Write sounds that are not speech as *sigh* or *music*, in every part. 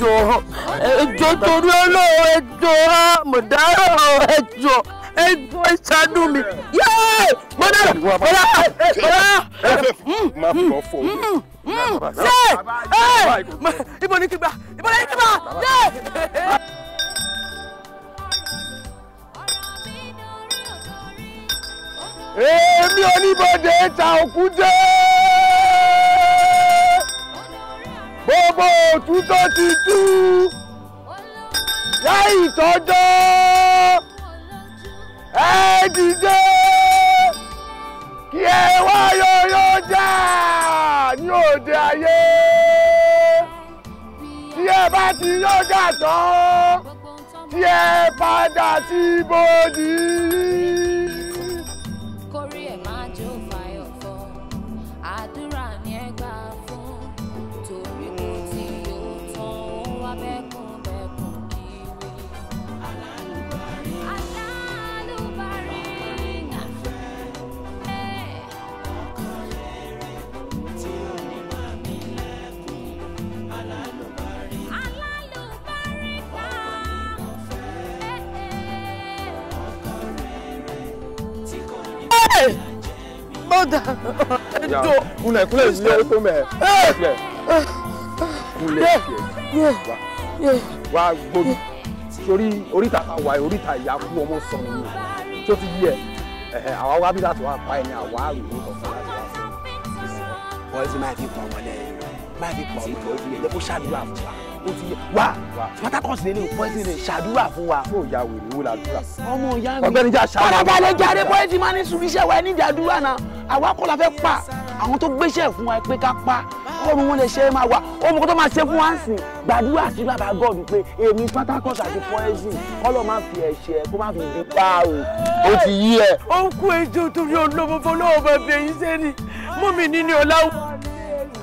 ẹjọ ẹjọ torí Ọlọ́run ẹjọ mọdàrọ ẹjọ ẹjọ ìṣàánú mi yéé mọdàrọ mọdà mọdà ṣe ẹ ibo ni kígbà ibo ni kígbà yéé. èmi oníbodè ta òkú dé gbogbo òtún tó ti tú láì tọ́jọ́ ẹ dìde kí ẹ wá yọyọ jà ní òde ayé tí ẹ bá ti yọjà tán tí ẹ padà sí ibodì. bọ́dà ẹjọ́. kúnlẹ̀ kúnlẹ̀ ilé ó tó mẹ́ ẹ kúnlẹ̀ kúnlẹ̀ kúnlẹ̀ wá gbóbi sórí oríta àwa oríta ìyá kú ọmọ sọnù ni tó ti yí ẹ àwa wá bí láti wá pa ẹni àwa rò ní ọ̀sán láti wá sọ. wọ́n ti máa fi pọ̀ wọlé máa fi pọ̀ wọlé lọ́kọ́ ṣáàdúrà fún wa ó ti yẹ wá pátákọ́sì lè ní pọ́ẹ́sì lè ṣàdúrà fún wa. fún ìyá wèrè owó la dúrà. ọmọ ìyá mi ọ̀gbẹ́ni jà ṣàdúrà. ọ̀dàdà lè jáde pọ́ẹ́sì máa ní sùn iṣẹ́ wa ẹni ìdádúrà náà àwa kọ́ la fẹ́ pa àwọn tó gbéṣẹ́ fún wa pé ká pa ọrùn wọn lè ṣe é máa wà ọmọ kó tó máa ṣe fún wa ń sìn gbàdúrà sí bàbá gọ́ọ̀dù pé èmi pátákọ́sì àti pọ́ẹ́sì kọ́lọ́ máa fi ẹ̀ṣẹ̀ kó máa fi bí pa o. ó ti yí ẹ. ó ń kú ejò torí olóòbó fọlọ́wọ́ bẹ̀bẹ̀ yìí sẹ́ni mú mi ní ní ọ̀làwọ̀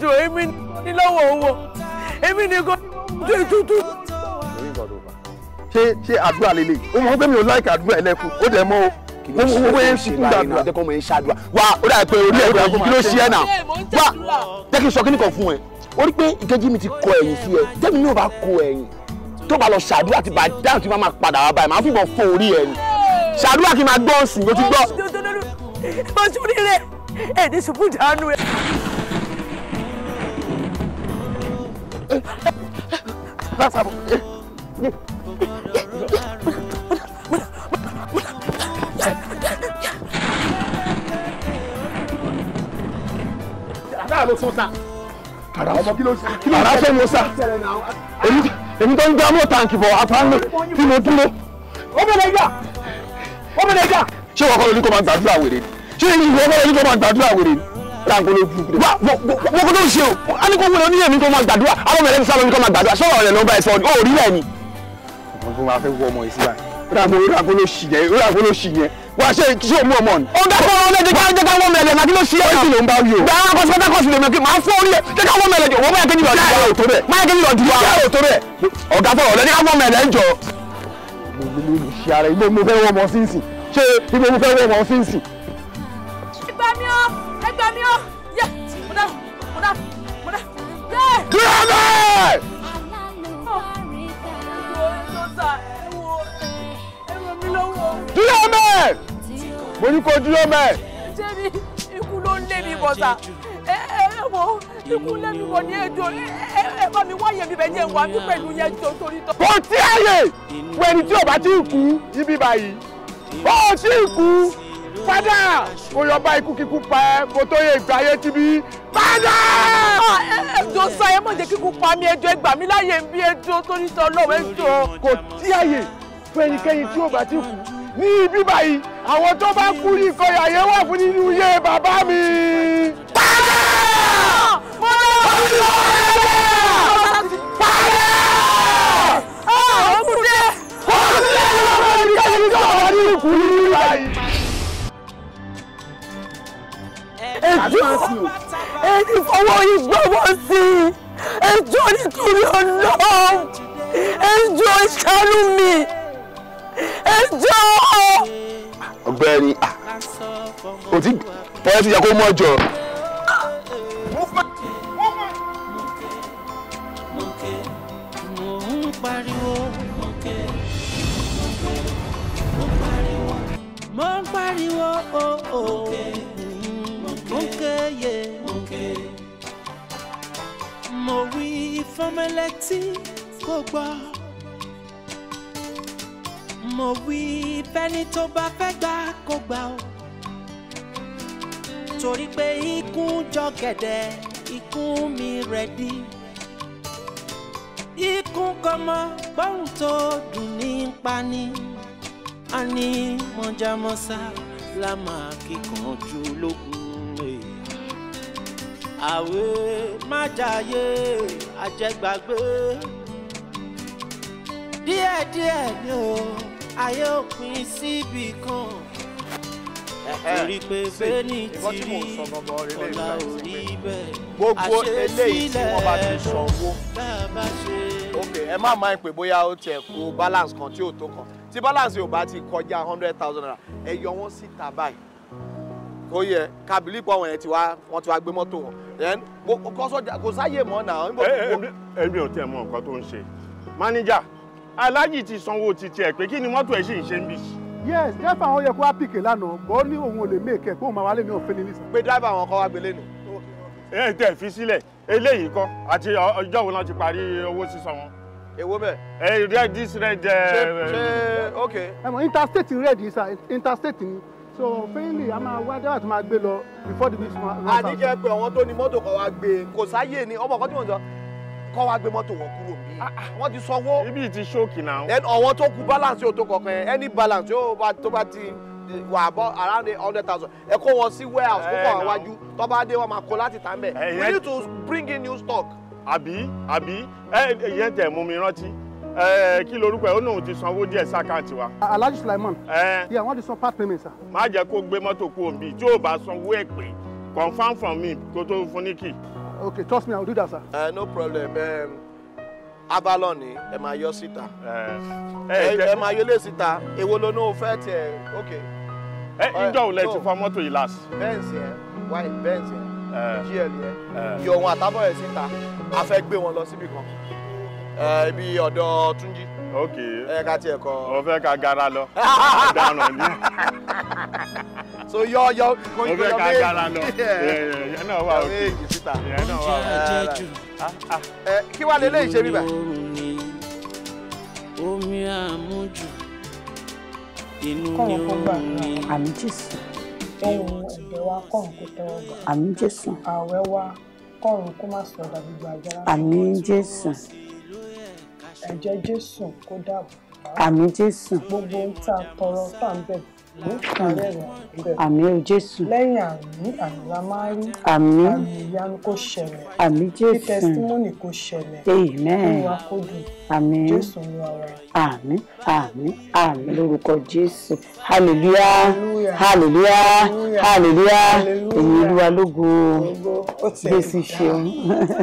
jọ èmi ní lọ́wọ́ owó èmi ní kò jẹ́ tuntun. lórí nǹkan tó fà. ṣé ṣé àdúrà lélẹ̀ o mọ̀ pé mi ò láìka àdúrà ẹlẹ́kùn ó dẹ̀ mọ́ o mo mo mo yẹn sunkún gbàdúrà jẹ́ kó mo yẹn ṣàdúrà wà ó dà pé orí ẹ̀rọ ẹ̀kún kí ló ṣe ẹ̀ náà wà jẹ́ kí n sọ kí nìkan fún ẹ o rí pé ìkejì mi ti kọ ẹ̀yìn sí ẹ tẹ́mi náà bá kọ ẹ̀yìn tó bá lọ ṣàdúrà ti bá dáhùn tí máa padà wá báyìí máa fìbọn fọ orí ẹ̀yìn ṣàdúrà kí n máa gbọ́ sùn ló ti gbọ́. mo tún rí rẹ ẹ̀ẹ́dẹ́sùn fún ìdánù rẹ lásàbò. àdá ló sún sa. ara ọmọ kí ló sá. ara fẹ́ mo sá. èmi tó ń gbá mọ́ tàǹkì bọ̀ àtàlẹ́ tí mo dúró. ó bẹ̀rẹ̀ jà ó bẹ̀rẹ̀ jà. ṣé wọ́n kọ́ lóní kó máa gbàdúrà wèrè ni ṣé ìwọ kọ́ lóní kó máa gbàdúrà wèrè ni tanko lójú. wá wọ́n kó o a ní kó wúlò ní èmi kó máa gbàdúrà àwọn ọmọ ẹlẹ́ni sábà ní kó máa gbàdúrà sọ̀rọ̀ ọ̀rẹ́ ló bá ẹ sọ ọ́ rí rẹ̀ ni. ọmọ tó máa fẹ́ wọ ọmọ yìí síbà ràgbọ́n ràgbọ́n ló ṣì yẹn ràgbọ́n ló ṣì yẹn wàá ṣe ṣé òmù ọmọ ni. ó é náà. ló ń bá wí o. gbàrà kọ́sí kọ́tà kọ́sí lè mẹ́kì máa fọ́ orí ẹ̀ jẹ́ ká wọ́n mẹ́lẹ̀ jọ wọ́n bá yà kéjì lọ́dún. yàrá òtó bẹ́ẹ̀ máa kéjì lọ́dún wa. yàrá òtó bẹ́ẹ̀ ọ̀gá fọ̀rọ̀ lẹ́ni ká wọ́n mẹ́lẹ̀ ń jọ. ilé mo fẹ́ ìgbà mi ò ẹ gbà mí o yẹ mo dá mo dá mo dá yẹ. gírọ́lẹ̀. dúró mẹ́ mo ní kó dúró mẹ́. jẹ́mi ikú ló ń lé mi bọ̀ sá ẹ ẹ wo ikú lé mi bọ̀ ní ẹjọ́ ẹ ẹ bá mi wáyé mi bẹ́ẹ̀ ní ẹ̀wọ̀n àbí pẹ̀lú yẹn tó torí tọ́. kò tí àyè pẹ̀lú tí o bá ti kú ibi báyìí bó o kú padà kó yọ bá ikú kíkú pa ẹ kó tó yẹ ìgbà ayé ti bí padà. ẹjọ sọ ẹ mọ̀ jẹ́ kíkú pa mí ẹjọ ẹgbà mí láàyè ń bí ẹjọ tó ní sọ lọ́wọ́ ẹjọ. kò tí àyè fún ẹnikẹ́ni tí ò bá ti kú ní ibí báyìí àwọn tó bá kú ní ìkọyà yẹn wà fún nínú iye bàbá mi. padà. mo lọ sí ọ̀rẹ́ mi. padà. ọ̀rọ̀ ẹjọ́ ẹni fọwọ́ ìgbọ́wọ́ sí i ẹjọ́ nítorí ọ̀nà ẹjọ́ ìṣàánú mi ẹjọ́. ọ̀gbẹ́ni o ti tọ́lá ti yẹ kó mọ̀ jọ. pariwo mo ń pariwo Oh, o. fọmọ ẹlẹ́tí kò gbọ́ mo wí fẹ́ni tó bá fẹ́ gbà kó gbà ó torí pé ikú jọ gẹ̀dẹ̀ ikú mi rẹ̀ dí ikú kọmọ gbọ́hùn tó dùn ní pani a ní mọ̀jámọ́sá la máa kíkanjú lókun èèyàn àwẹ̀ má jayé àjẹgbàgbé díẹ̀díẹ̀ ni o ayé òpin síbi kan torí pé bẹ́ẹ̀ni ti rí ọ̀la ò rí bẹ́ẹ̀ gbogbo eléyìí tí wọ́n bá ti sanwó ok ẹ má máa ń pè bóyá ó tiẹ̀ kó balance kan tí ò tó kan tí balance yóò bá ti kọjá hundred thousand naira ẹ yọ wọ́n síta báyìí ó yẹ kabili pọ̀ wọ̀nyẹn ti wá wọ́n ti wá gbé mọ́tò wọn then kò sọ́jà kò sáyè mọ́ náà. èmi ò tẹ mọ nǹkan tó ń ṣe mánìjà aláàjì ti sanwó títí ẹ pé kí ni mọ́tò ẹ sì ń ṣe ń bì. yes dẹ́fà àwọn yẹ kó wá pìkè lánàá bọ́ ní òun ò lè mèkẹ́ kó máa wálé ní òfin ní nísà. pé dáìbà àwọn kọ́ wá gbélé nù. ẹ tẹ fi sílẹ̀ eléyìí kọ́ àti ọjọ́ wo náà ti parí owó sísan wọn. èwo bẹ́ẹ̀. ẹ red this red. ṣe ṣe ok. ẹ mọ interstate red yìí sa interstate ni so fẹ́ẹ́lì a máa wá dáwà tó máa gbé lọ before the week run àdìjẹ pé àwọn tó ní mọ́tò kọ́ wa gbé kò sáyé ni ọmọ kan tí mo sọ kọ́ wa gbé mọ́tò wọn kúrò bí ah, ah. wọ́n ti sanwó. ibi ti ṣókì náà. ẹn ọ̀wọ́n tó kù balance yóò tó kọ̀ọ̀kan any balance yóò tó bá ti wà bọ́ around eight hundred thousand ẹ kó wọn sí warehouse kó eh, kọ́ àwájú tó bá dé wọn máa kó láti tà ń eh, we need to bring in new stock. àbí àbí ẹ eh, ìyẹn tẹ̀ mú mi rántí kí lorúkọ ẹ̀ ó náà ti sanwó díẹ̀ sákàǹtì wa. Alhaji Sulaiman. ẹ yà wọ́n ti san part payment sa. má jẹ́ kó gbé mọ́tò kú òǹbí tí ò bá sanwó ẹ̀ pé confam from me kó tó fún ní kì. okay trust me i will do that sir. Uh, no problem um, abalọ ni ẹ máa yọ síta ẹ máa yọ lé síta èwo ló ní o fẹ́ tiẹ̀ okay. ẹ ìjọ ò lẹ ti fọ mọ́tò yìí last. Benz. ẹ wáyé bẹ́ẹ̀nsì ẹ gl yẹ yọ ohun àtàbọ̀ ẹ̀ síta a fẹ́ gbé wọn lọ síbì kan. ebi ọ̀dọ̀ Túnjí. ok ẹ ká tiẹ̀ kọ. o fẹ́ ka gara lọ. ọ̀daràn ni. *laughs* so yọ yọ yọ gara lọ. *laughs* náà wà náà wà ẹ kí bíbà. omi àmújù inú ni ó ń mi. ohun wa kó àmì jésù. wa kó má sọ̀rọ̀ àmì jésù. ẹ̀jẹ̀ Jésù kó dàbò. àmì Jésù. gbogbo ń ta tọrọ tá àmì o jésù. lẹ́yìn àmì àmì la máa rí. àmì àmì ìyanu kò ṣẹlẹ̀. àmì jésù. kí tẹsítímọ́nì kò ṣẹlẹ̀. amen. ìwà kò dùn. àmì jésù ní ọ̀rọ̀. àmì àmì àmì lórúkọ jésù hallelujah hallelujah hallelujah èyí olúwa lógo jésù ṣeun.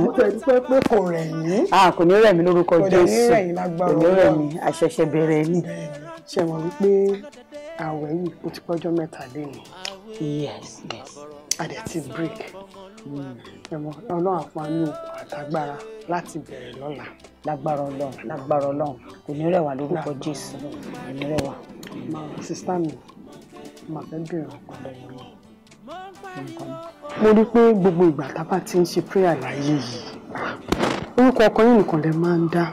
ó tẹ̀síwẹ́ pé kò rẹ̀ mí. a kò ní rẹ̀ mí lórúkọ jésù kò ní rẹ̀ mí àṣẹ̀ṣẹ̀ bẹ̀rẹ̀ ni ṣe mọ̀ wípé. àwẹ̀ yìí ó ti pọ́jọ́ mẹ́ta lẹ́nu. yes yes. a dẹ̀ ti break. ọlọ́run àpamọ́ àtàgbára láti bẹ̀rẹ̀ lọ́la. lágbára ọlọ́run lágbára ọlọ́run kò ní rẹwà lórúkọ jésù kò ní rẹwà. sista mi fẹ́ bèrè mo rí pé gbogbo ìgbà tá ti ń ṣe yìí orúkọ ọkọ nìkan lè máa ń dá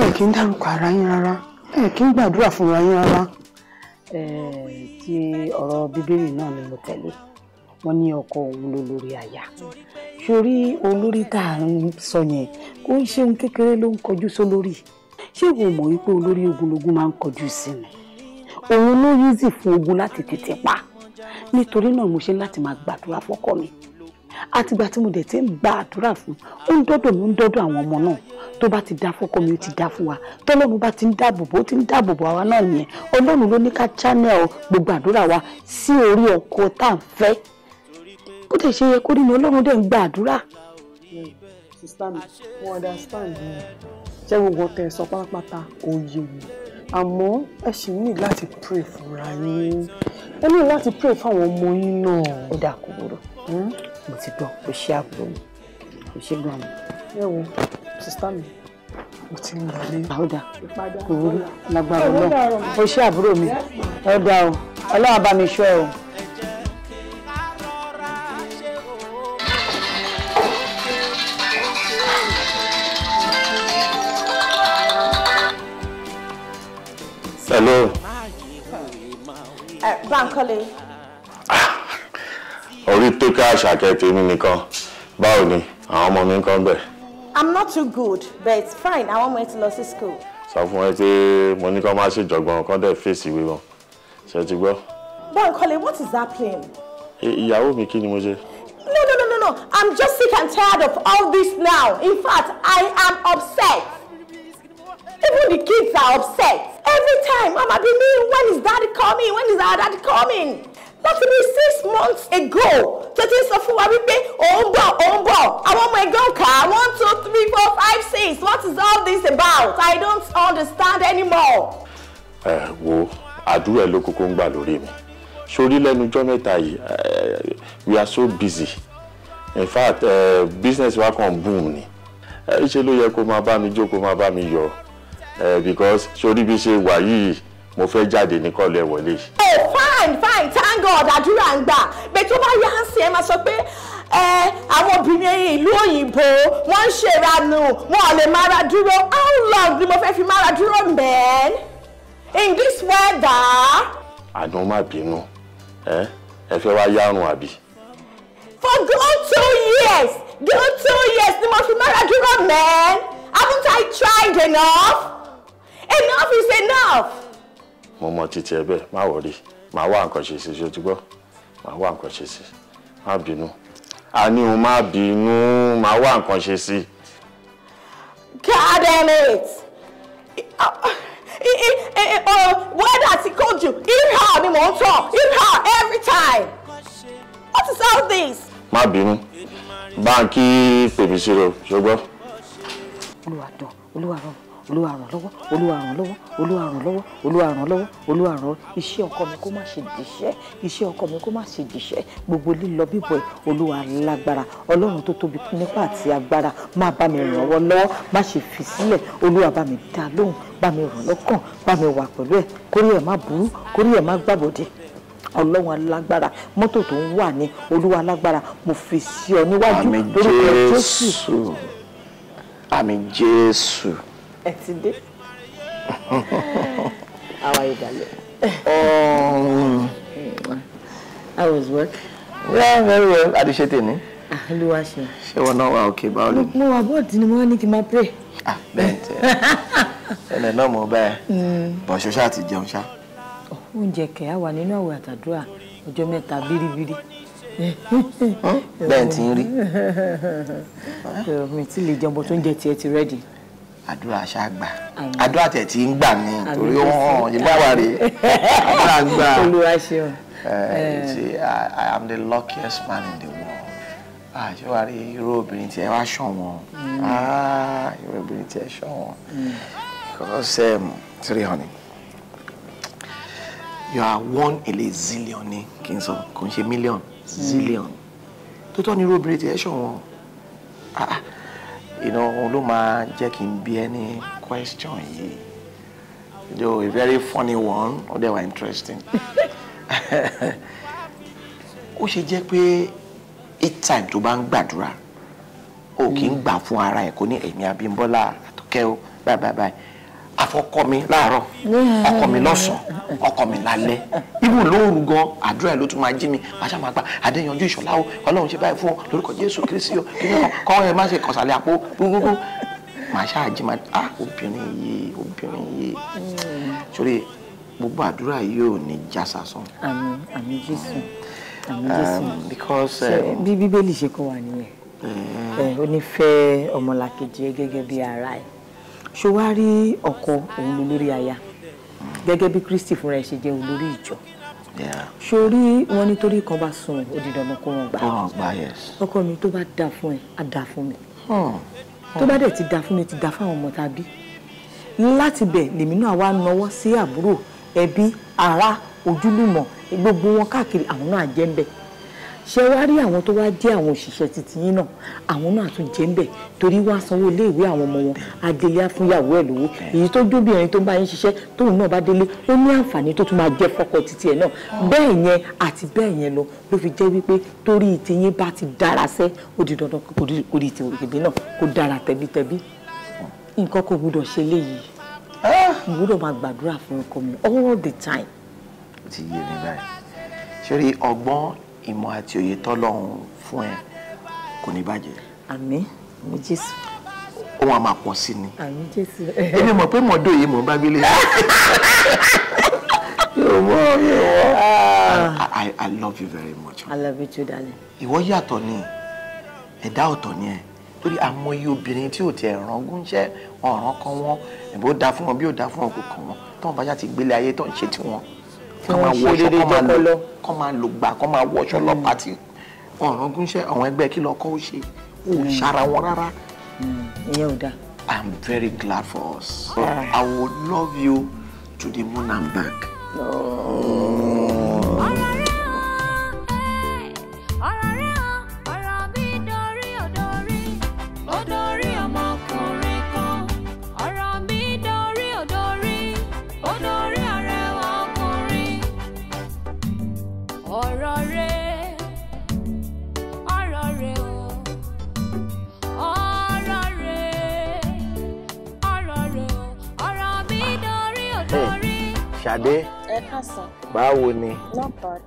ẹ dárúkọ ara yín rárá ẹ kí ń gbàdúrà fúnra yín rárá tí ọ̀rọ̀ bíbélì náà ni mo tẹ̀lé wọ́n ní ọkọ òun ló lórí àyà sórí olórí tá à ń sọ yẹn kó ń ṣe ohun kékeré ló ń kọjú sólórí ṣé ìwọ mọ̀ wípé olórí ogunlogun máa ń kọjú sí mi òun ló yízì fún ogun láti tètè pa nítorí náà mo ṣe láti máa gbàdúrà fọ́kọ mi àtìgbà tí mo dẹ̀ ti ń gba àdúrà fún ó ń dọ́dọ̀ mi ó ń dọ́dọ̀ àwọn ọmọ náà tó bá ti dá fọ́kọ mi ó ti dá fún wa tọ́lọ́run bá ti ń dáàbò ó ti ń dáàbò àwa náà nìyẹn ọlọ́run ló ní ká channel gbogbo àdúrà wa sí orí ọkọ tá à ń fẹ́ bó dẹ̀ ṣe yẹ kó rí ni ọlọ́run dẹ̀ ń gba àdúrà. ṣé gbogbo tẹ sọ pátápátá òye mi àmọ́ ẹ ṣì ní láti pray fúnra yín ẹ ní láti pray fáwọn ọmọ yín náà. ó dà kúrò mo ti gbọ́ kò ṣe àpò kò ṣe gan mi. ẹ wo sista mi mo ti ń wọlé. àwòdà ah, kò wúlò lágbára náà ah, ó ṣe àbúrò mi ọ̀dà o ọlọ́run bá mi ṣọ́ ẹ àṣàkẹ́ tèmi nìkan báwo ni àwọn ọmọ mi ń bẹ̀. i'm not too good but it's fine I ọmọ ẹ to lọ sí school. sọ fún ẹ pé mo ní kó má ṣèjọgbọn kó dẹ fèsì ìwé wọn ṣe ti Boy, Bankole, what is that plane? ìyàwó mi kí ni mo ṣe. no no no no no i'm just sick and tired of all this now in fact i am upset even the kids are upset every time mama be me when is daddy coming when is our daddy coming láti bí six months ago tó ti sọ fún wa wípé òun bọ̀ òun bọ̀ àwọn ọmọ ẹgbẹ́ òǹkà one two three four five six what is all this about I don't understand anymore. ẹ wo àdúrà ló kókó ń gbà lórí mi sórí lẹ́nu ọjọ́ mẹ́ta yìí we are so busy in fact uh, business wa kàn boom ni ṣe ló yẹ kó máa bá mi jó kó máa bá mi yọ because sórí bí ṣe wà yìí mo fẹ́ jáde ní kọ́lù ẹ̀ wọlé. Oh, fine fine thank God àdúrà ń gbà bẹ́ẹ̀ tó bá yá ń sìn ẹ máa sọ pé eh, àwọn obìnrin ìlú òyìnbó wọ́n ń ṣèrànù wọn ò lè mára dúró how long ni mo fẹ́ fi mára dúró man in this weather. àná má bínú ẹ ẹ fẹ́ wá yárùn àbí. for go two years go two years ni mo fi mára dúró man haven't I tried enough enough is enough mo mọ títí ẹ bẹ́ẹ̀ má wọrí màá wá nǹkan ṣe sí ṣe ti wá nǹkan ṣe sí má bínú àní o má bínú màá wá nǹkan ṣe sí. God damn it! weather ti cold ju ihà ni mò ń tọ̀ ihà every time what is all this. má bínú báńkì pèmí sí rẹ ṣùgbọ́n. olùwàdàn olùwàrọ̀ olúwa ràn lọ́wọ́ olúwa ràn iṣẹ́ ọkọ mi kó má ṣe jìṣẹ́ iṣẹ́ ọkọ mi kó má ṣe jìṣẹ́ gbogbo lílọ bíbọ̀ olúwa lágbára ọlọ́run tó tóbi nípa àti agbára má bá mi ràn wọ́ lọ́wọ́ má ṣe fi sílẹ̀ olúwa bá mi dá lóhùn bá mi ràn lọ́kàn bá mi wà pẹ̀lú ẹ̀ kórí ẹ̀ má burú kórí ẹ̀ má gbàbọ̀dẹ̀ ọlọ́run alágbára mọ́tò tó ń wà ní olúwa alágbára mo fi sí ọ níwájú lórúkọ jésù. àmín jésù. àmín jésù ẹ ti dé *laughs* how are you darling. Um, how was work. yeah very well adise tèmi. Ah, olúwa ṣe. ṣé wọn náà wà òkè báwo lè. mo wà bọ́ọ̀dù ni mo ní kí n máa pray. ah bẹ́ẹ̀ tẹ ẹnẹ náà mo bẹ́ẹ̀ mm. bọ̀ ṣoṣo àti jẹun ṣá. Oh, oúnjẹ kẹ̀yà wà nínú àwẹ̀ àtàdúrà ọjọ́ mẹ́ta bíríbírí bẹ́ẹ̀ tí ń rí. *laughs* mi ti lè jẹun bó tó ń jẹ tiẹ̀ ti rẹ́dì àdúrà ṣáàgbà àdúrà tẹ̀ tí ń gbà ní torí ó hàn ìbáwá rè àdúrà ń gbà I am the luckiest man in the world àṣẹ ah, wa rí irú obìnrin tí ẹ wá ṣọ̀wọ́n mm. ah, irú obìnrin tí ẹ ṣọ̀wọ́n because um, sorry honey you are one in a zillion ni kì í sọ kò ń ṣe million mm. zillion tó tọ́ ni irú obìnrin tí ẹ ṣọ̀wọ́n iná òun ló máa jẹ́ kí n bí ẹ question yìí though a very funny one ó they were interesting *laughs* ó ṣe jẹ́ pé each time tó bá ń gbàdúrà o kì í hmm. gbà fún ara ẹ̀ kó ní ẹ̀mí Abímbọ́lá àtọ́kẹ́ o báyìí báyìí àfọkọ mi láàárọ̀ ọkọ mi lọ́sàn-án ọkọ mi lálẹ́ ibù lóòrù gan àdúrà ẹ̀ ló tún máa jí mi màṣá máa gba àdéyanjú ìṣọ̀lá o ọlọ́run ṣe báyìí fún ọ lórúkọ jésù kristi o kí náà kọ́ ẹ má ṣe kọ̀sálẹ̀ àpò gbogbo màṣá àjí máa ah obìnrin yìí obìnrin yìí mm. sórí gbogbo àdúrà yìí ò ní já sásán. àmín àmín jésù àmín um, jésù because um, bí bíbélì ṣe kọ́ wa nìyẹn ó eh. eh, ní fẹ́ ọmọlàkejì gẹ́gẹ́ bí ara ẹ̀ ṣó wá rí ọkọ òun lórí aya gẹ́gẹ́ bí Kristi fúnra ẹ̀ ṣe jẹ́ olórí ìjọ sórí wọn nítorí kan bá sun ẹ odidi ọmọ kó wọn gbà ọkọ mi tó bá dáa fún ẹ á dáa fún mi hmm. tó bá dẹ̀ ti dáa fún mi ti dáa fáwọn ọmọ tàbí láti bẹ̀ lèmi náà wá nawọ́ sí àbúrò ẹbí ará ojúlùmọ̀ gbogbo wọn káàkiri àwọn náà jẹ́ ń bẹ̀ ṣe wá rí àwọn tó wá jẹ́ àwọn òṣìṣẹ́ titi yín náà àwọn náà tún jẹ́ ń bẹ̀ torí wá sanwó iléèwé àwọn ọmọ wọn adélé afúnyàwó ẹ̀ lówó èyí tó jóbìnrin tó bá yín ṣiṣẹ́ tóun náà bá délé ó ní àǹfààní tó tún máa jẹ́ fọ́kọ titi ẹ̀ náà bẹ́ẹ̀ yẹn àti bẹ́ẹ̀ yẹn lọ ló fi jẹ́ wípé torí ti yín bá ti dára sẹ́ ó di dandan kò di ti òkèdè náà kó dára tẹ̀bítẹ̀bí nǹkan kò gbúdọ̀ ṣe léyìí ah! mo gbúdọ̀ máa all the time. ó ti yé mi báyìí ṣé ìmọ̀ àti òye tọ́lọ́run fún ẹ kò ní bàjẹ́. àmín mi jésù. ohun àmà pọ̀ sí ni. àmín jésù. èmi mọ̀ pé mọ̀ọ́dọ̀ yìí mò bá gbélé. yóò wọ́ yóò wọ́. Ah, I love you very much. I love you too darling. ìwọ yàtọ̀ ni ẹ̀dá ọ̀tọ̀ ni ẹ̀ torí àmọye obìnrin tí ò tiẹ̀ rangún iṣẹ́ ọ̀ràn kan wọn ẹ̀bí ó dáa fún wọn bí ó dáa fún wọn kò kàn wọn tọ́wọ́n bá yà ti gbélé ayé tó ń ṣe tiwọn kọ́ máa wọṣọ kọ́ máa lọ kọ́ máa lò gbà kọ́ máa wọṣọ lọ pàtì ọ̀ràn gúnṣẹ́ àwọn ẹgbẹ́ kí lọ́kọ́ ó ṣe ó hmm. ṣara wọn rárá. Hmm. ìyẹn ò dáa. I'm very glad for us. Ah. I would love you to the moon and back. Oh. Ṣadé. Ẹ káàsán. Báwo ni? Not bad.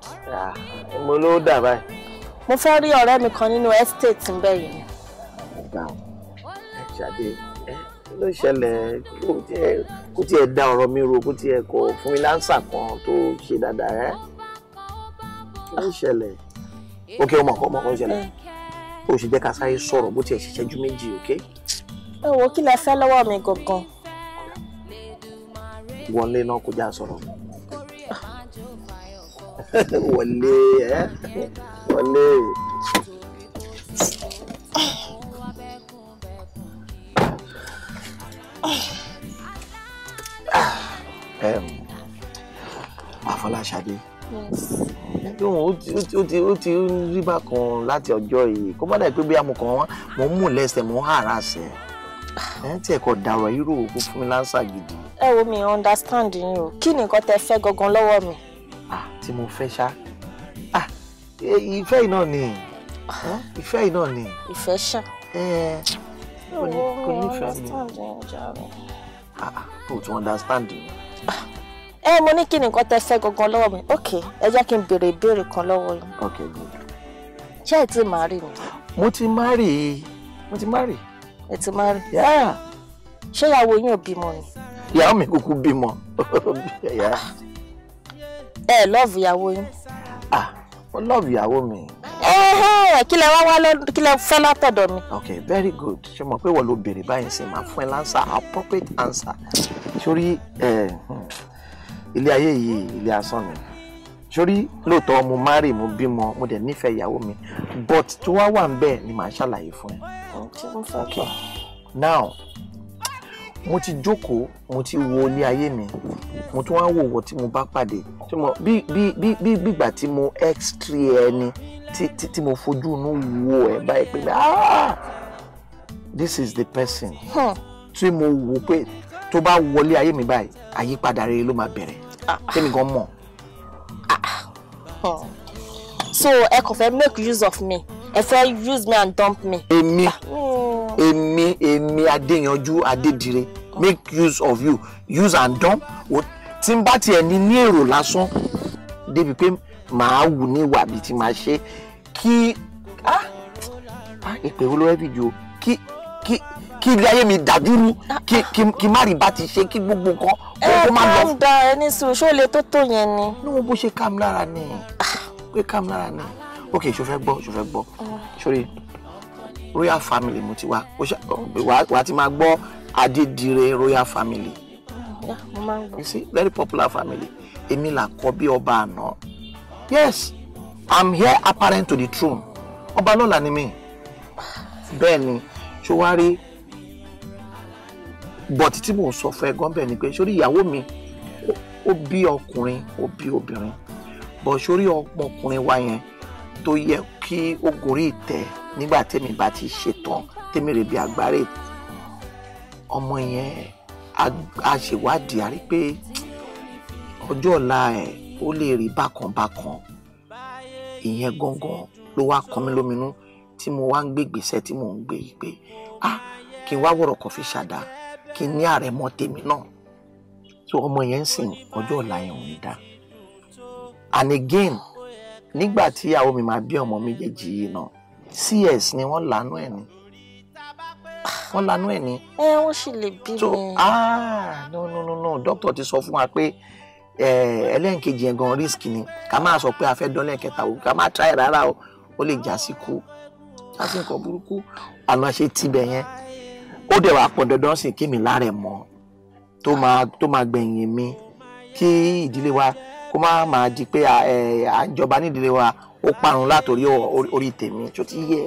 Mo ló dà báyìí. Mo fẹ́ rí ọ̀rẹ́ mi kan nínú estate ń bẹ̀ yìí. Ṣadé ló ṣẹlẹ̀ kó tiẹ̀ da ọ̀rọ̀ mi ro kó tiẹ̀ kọ fún mi láǹsà kan tó ṣe dáadáa ẹ́. Ló ṣẹlẹ̀. Ok ọmọ kan ọmọ kan ṣẹlẹ̀. Eh. O ṣe jẹ́ ká sáré sọ̀rọ̀ bó tiẹ̀ ṣiṣẹ́jú méjì, ok? Ẹ wo kí lẹ fẹ́ lọ́wọ́ mi gangan? wọlé náà kò já sọ̀rọ̀ *laughs* wọlé *sighs* ẹ wọlé. Afọláṣadé ó ti ó ti rí bákan láti ọjọ́ yìí kó má dà pé bí amọ̀kàn wọn mò ń mú lẹ́sẹ̀ mò ń hàrá sẹ́ẹ̀ ẹ ń tiẹ̀ kọ dàrọ̀ irú òkú fún mi lánsà gidi. ẹ wo mi understand yín o kí ni tẹ fẹ́ gangan lọ́wọ́ mi. ah tí mo fẹ́ ṣá ah ìfẹ́ yìí náà ni ìfẹ́ yìí náà ni. ìfẹ́ ṣá. ẹ ẹ kò nífẹ̀ẹ́ mi. kò tún understand mi. ẹ mo ní kí ni tẹ fẹ́ gangan lọ́wọ́ mi ok ẹ jẹ́ kí n béèrè ìbéèrè kan lọ́wọ́ yín. ok good. ṣé ẹ ti máa rí mi. mo ti máa rí mo ti máa rí i ẹ ti máa rí ṣé ìyàwó yín ò bímọ ni. ìyàwó mi kúkú bímọ ẹ lọ́ọ̀fù ìyàwó yín. ah mo lọ́ọ̀fù ìyàwó mi. kí lẹ wá wá kí lẹ fẹ́ látọ̀dọ̀ mi. ok very good ṣe mọ̀ pé wọ́n ló béèrè báyìí sí máa fún ẹ lánsà appropriate answer sórí eh, hmm, ilé ayé yìí ilé asán ni sórí lóòótọ́ mo marry mo bímọ mo dẹ̀ nífẹ̀ẹ́ ìyàwó mi but tó wá wà ń bẹ́ẹ̀ ni màá ṣàlàyé fún ẹ. okay now mo ti jókòó mo ti wo ilé ayé mi mo tún wá wò wọ tí mo bá pàdé mo bí bí bí bí gbígbà tí mo x-ray ẹni tí tí tí mo fojú inú wo ẹ báyìí pé ah this is the person tí mo wò pé tó bá wọlé ayé mi báyìí àyípadà rere ló máa bẹ̀rẹ̀ ah. tèmi gan mọ̀. Oh. so ẹ kàn fẹ́ make use of me ẹ fẹ́ use me and dump me. èmi ah. èmi èmi adéyanjú adédire make use of you use and dump tí n bá tiẹ̀ ní ní èrò lásán débi pé màá wù ní ìwà bíi ti màá ṣe kí ah, ah, ìpè olórí ẹbí ju kí kí kí ilé ayé mi dàdúrú ah. kí kí má rí bá ti ṣe kí gbogbo nǹkan kó má lọ. ẹ ẹ da ẹni sùn ṣó le tó tó yẹn ni. níwọ̀n bó ṣe ká mi lára ni pé ká mi lára ni ok ṣo fẹ́ gbọ́ ṣo fẹ́ gbọ́ mm. sórí royal family mo ti wá wàá ti máa gbọ́ adédire royal family mm, mo máa ń gbọ́. you see very popular family èmi là kọ́ bí ọba àná yes i'm here apparent to the throne ọba lọ́la ni mi bẹ́ẹ̀ ni ṣùwárí bọ̀tí tí mò ń sọ fún ẹ̀gbọ́n bẹ́ẹ̀ ni pé sórí ìyàwó mi ó bí ọkùnrin ó bí obìnrin bọ̀ sórí ọmọkùnrin wa yẹn tó yẹ kí ó gorí ìtẹ́ nígbà tẹ́mi bá ti ṣetán tẹ́mi rè bí agbára ọmọ yẹn a ṣèwádìí a rí pé ọjọ́ ọ̀la ẹ̀ ó lè rí bákan bákan ìyẹn gangan ló wá kan mí lóminú tí mo wá ń gbé ìgbésẹ̀ tí mò ń gbé yìí pé ah kí n wá wọ̀rọ̀ kan fi ṣàdá kí n ní àrẹ̀mọ tèmi náà so ọmọ yẹn ń sìn ọjọ́ ọ̀la yẹn ò ní dá and again nígbà tí ìyàwó mi máa bí ọmọ méjèèjì yìí náà cs ni wọ́n lànú ẹ̀ ni wọ́n lànú ẹ̀ ni. ẹ wọ́n sì lè bí mi. so ah no no no no doctor ti sọ fún wa pé ẹlẹ́nkejì yẹn gan risk ni ká máa sọ pé a fẹ́ dán lẹ́ẹ̀kẹta o ká máa try rárá o ó lè já sí kú láti nǹkan burúkú àná ṣe tibẹ̀ yẹn ó dẹ̀ wá pọ̀ dandan sí kémi lára ẹ̀ mọ́ tó máa tó máa gbẹ̀yìn mi kí ìdílé wa kó má máa di pé à ń jọba nídìílé wa ó parun látòrí orí tèmi tó ti yẹ.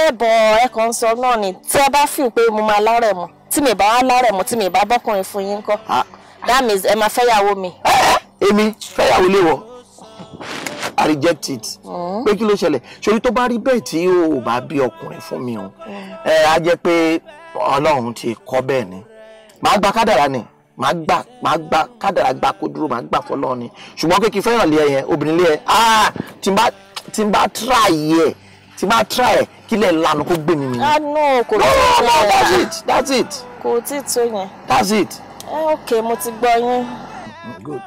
ẹ bọ ẹ kàn ń sọ náà ni tí ẹ bá fìl pé mo máa lára ẹ tí mi bá wá lára ẹ tí mi bá bọkùnrin fún yín kọ that means ẹ máa fẹ́yàwó mi. èmi fẹ́yàwó léwọ i reject it mm. pé kí ló ṣẹlẹ̀ ṣòrí tó bá rí bẹ́ẹ̀ tí o ò bá bí ọkùnrin fún mi o mm. ẹ á jẹ́ pé ọlọ́run ti kọ́ bẹ́ẹ̀ ni màá gba kádàrà ni màá gba màá gba kádàrà gba kó dúró màá gbà fọlọ́run ni ṣùgbọ́n pé kí fẹ́ràn lé ẹyẹ obìnrin lé ẹ ah tí n bá tí n bá try ẹ tí n bá try ẹ kí lè lanu kó gbé mi mi. ah no kò tí tó yẹn no no that's it that's it. kò tí tó yẹn. that's it. ẹ eh, ok mo ti gbọ́ yín. good.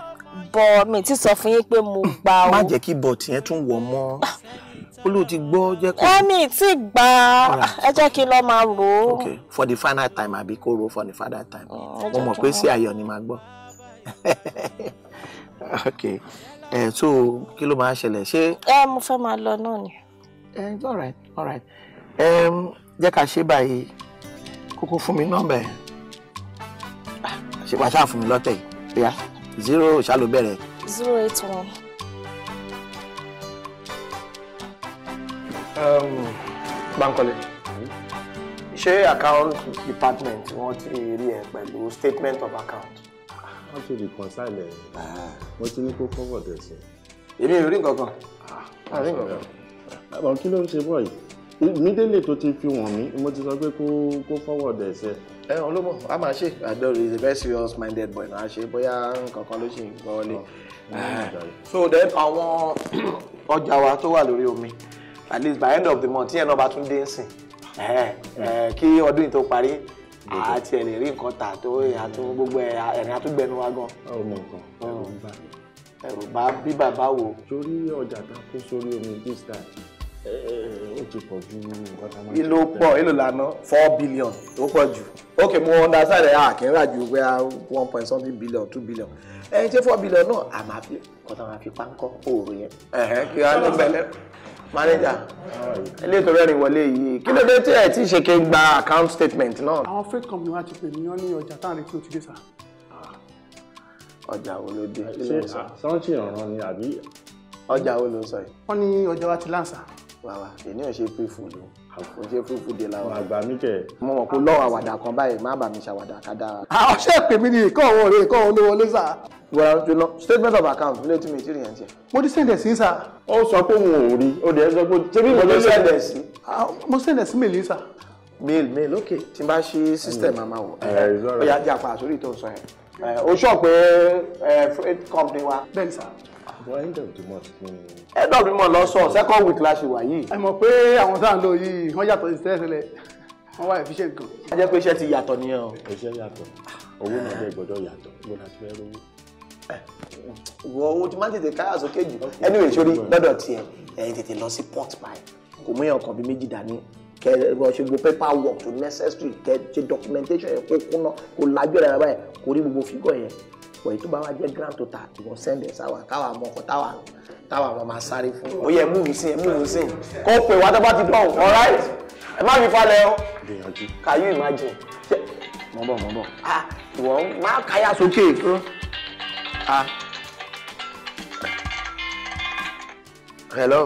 bọ mi ti sọ fún yín pé mo gbà o. má jẹ́ kí bọ̀ tiẹ̀ tún wọ̀ mọ́. Ah, olú ti gbọ́ jẹ́ kó. ẹ̀mí ti gbà á ẹ jẹ́ kí n lọ́ọ́ máa rò ó. ok for the final time àbí kó ro for the final time mm, mo mọ̀ pé sí ayọ̀ ni màá gbọ́. *laughs* ok ẹ so kí ló máa ṣẹlẹ̀ ṣé. ẹ mo fẹ́ máa lọ náà ni. ẹ it's alright alright jẹ́ ká ṣe báyìí kókó fún mi nọ́mbà ẹ̀ ah, ṣe wàá ṣáà fún mi lọ́tẹ̀ yìí bóyá zero ṣáà ló zero eight one. Um, Bankole ṣé account department wọ́n ti rí ẹ pẹ̀lú statement of account. wọ́n ti rí concern ẹ̀ ah. wọ́n ti ní kó fọwọ́ tẹ̀sẹ̀. èmi ò rí nǹkan kan. Ah, àbọ̀ kí ló ń ṣe bọ́ọ̀ yìí nídélé tó ti fi wọ̀n mí mo ti sọ pé kó forward ẹ̀ ṣe. ẹ olómọ a máa ṣe àdéhùn is a very serious minded boy náà ṣe bóyá nǹkan kan ló ṣì ń gbọ́ wọlé. Ah, so then àwọn *clears throat* ọjà wa tó wà lórí omi at least by end of the month tí yẹn náà bá tún dé ń sìn kí ọdún yìí tó parí àti ẹ̀ lè rí nǹkan tà tó àti gbogbo ẹ̀rìn àtúgbẹ̀nu wa gan. ọmọ nǹkan ẹ̀rù bá ẹ̀rù bá bí bàbá wò. torí ọjà tá kó sórí omi this ó ti pọ̀ ju nǹkan tá a máa ń. ìlò pọ̀ ìlò lànà four billion ó pọ̀ jù ok mo understand ẹ̀ àkẹ́rẹ́ àjù pé one point something billion two billion ẹ̀ ṣé four billion náà àmàfi kọ́tà máa fi pánkọ́ òòrùn yẹn kí wọ́n á lọ bẹ̀lẹ̀ manager ilé ìtọ́rọ ẹ̀rìn wọlé yìí kí ló dé tí ẹ ti ṣe kí n gba account statement náà. àwọn freight company wa ti pè mí wọn ní ọjà tá à ń retí ó ti dé sá. ọjà wo ló dé. ṣé sáńtì ọ̀ràn ni àbí. ọjà wo ló ń sọ yìí. wọ́n ní ọjà wa ti láǹsà. wàá èmi ò ṣe pay full o àfọ̀nṣe fúrufú de la wa. àgbà mi kẹ. mo mọ̀ pé lọ́wọ́ àwàdà kan báyìí má bà mí ṣàwàdà ká dára. àwọn ṣe pè mí ní ìkọ́ òun ọ̀rẹ́ ìkọ́ òun olówó lẹ́sà. wọ́n jóná statement of account ló ti mi ìtìrì yẹn tiẹ̀. mo ti sẹ́ndẹ̀ sí sá. ó sọ pé òun ò rí ó dẹ̀ sọ pé ṣébí mo ló sẹ́ndẹ̀ sí. mo sẹ́ndẹ̀ sí mail sá. mail mail ok tí n bá ṣí system àmà wò. ó yà á jà pa àsórí tó ń sọ yẹn. o sọ pé freight company wa. bẹ́ẹ̀ ni sá bọ́ end of the month lọ sọ second week la ṣe wà yìí. ẹ mọ̀ pé àwọn tá à ń lò yìí wọ́n yàtọ̀ sí tẹ́lẹ̀tẹ́lẹ̀ wọ́n wá efficient kan. a jẹ́ pé iṣẹ́ ti yàtọ̀ nìyẹn o. iṣẹ́ yàtọ̀ owó náà bẹ́ẹ̀ gbọ́dọ̀ yàtọ̀ gbọ́dọ̀ àti fẹ́ rówó wọ owó tí máa ń tètè káyà sókè jù anyway sórí lọ́dọ̀ tiẹ̀ ẹ̀yin tètè lọ sí port pie kò mú èèyàn kan bí méjì dání kẹ ẹ ṣe gbogbo paper work tó necessary kẹ ṣe documentation yẹn kó kúnná kó lajú ẹ̀rọ báyẹn kó rí gbogbo fígọ̀ yẹn pọ̀ èyí tó bá wá jẹ́ grand total ìwọ sẹ́ndẹ̀ sáwà káwa mọ ọkọ̀ táwa táwa mọ máa sáré fún un. ó yẹ múùmù sí ẹ múùmù sí kó pè wá tó bá ti dán all right ẹ má fi falẹ̀ o. can you imagine. mọ bọ mọ bọ. ah ìwọ máa káyà sókè. ah hello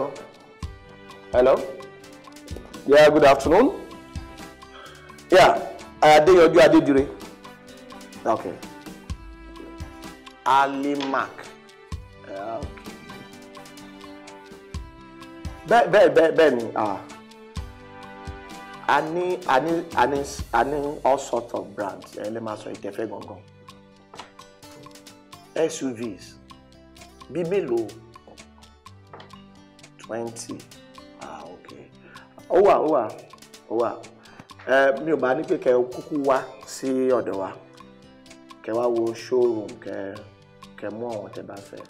hello yeah good afternoon yeah adeyanju adedire okay. Ali alimak bẹ́ẹ̀ bẹ́ẹ̀ bẹ́ẹ̀ bẹ́ẹ̀ ni a ní a ní a ní a ní all sort of brands ẹ lè máa sọ ìtẹ̀fẹ́ gangan SUVs bíi mélòó twenty ah ok ó wà ó wà ó wà ẹ mi ò bá ní pé kẹ kúkú wá sí ọ̀dọ̀ wa kẹ wá wo showroom kẹ. Ke kẹ́ mú àwọn tẹ́ bá fẹ́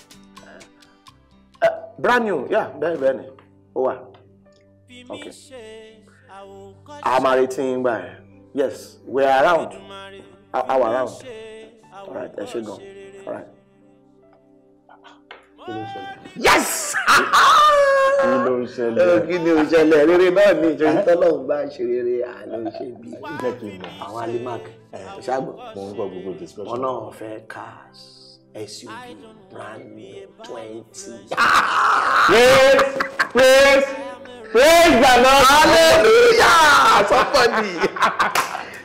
brand new yeah bẹ́ẹ̀ bẹ́ẹ̀ ni ó wà ok a máa retí gbà yẹn yes we are around our around right, ẹ ṣe gan right. yes kí ló ń ṣẹlẹ̀ *laughs* kí ló ń ṣẹlẹ̀ rere náà ni ìjọba eh? tọ́lọ́hún bá ṣe rere àlọ́ ṣe bí àwọn alimark ṣàgbọ̀ wọn náà fẹ́ cars. SUV, brand new, 20. Ah! Praise, praise, praise the Lord. Hallelujah! Somebody.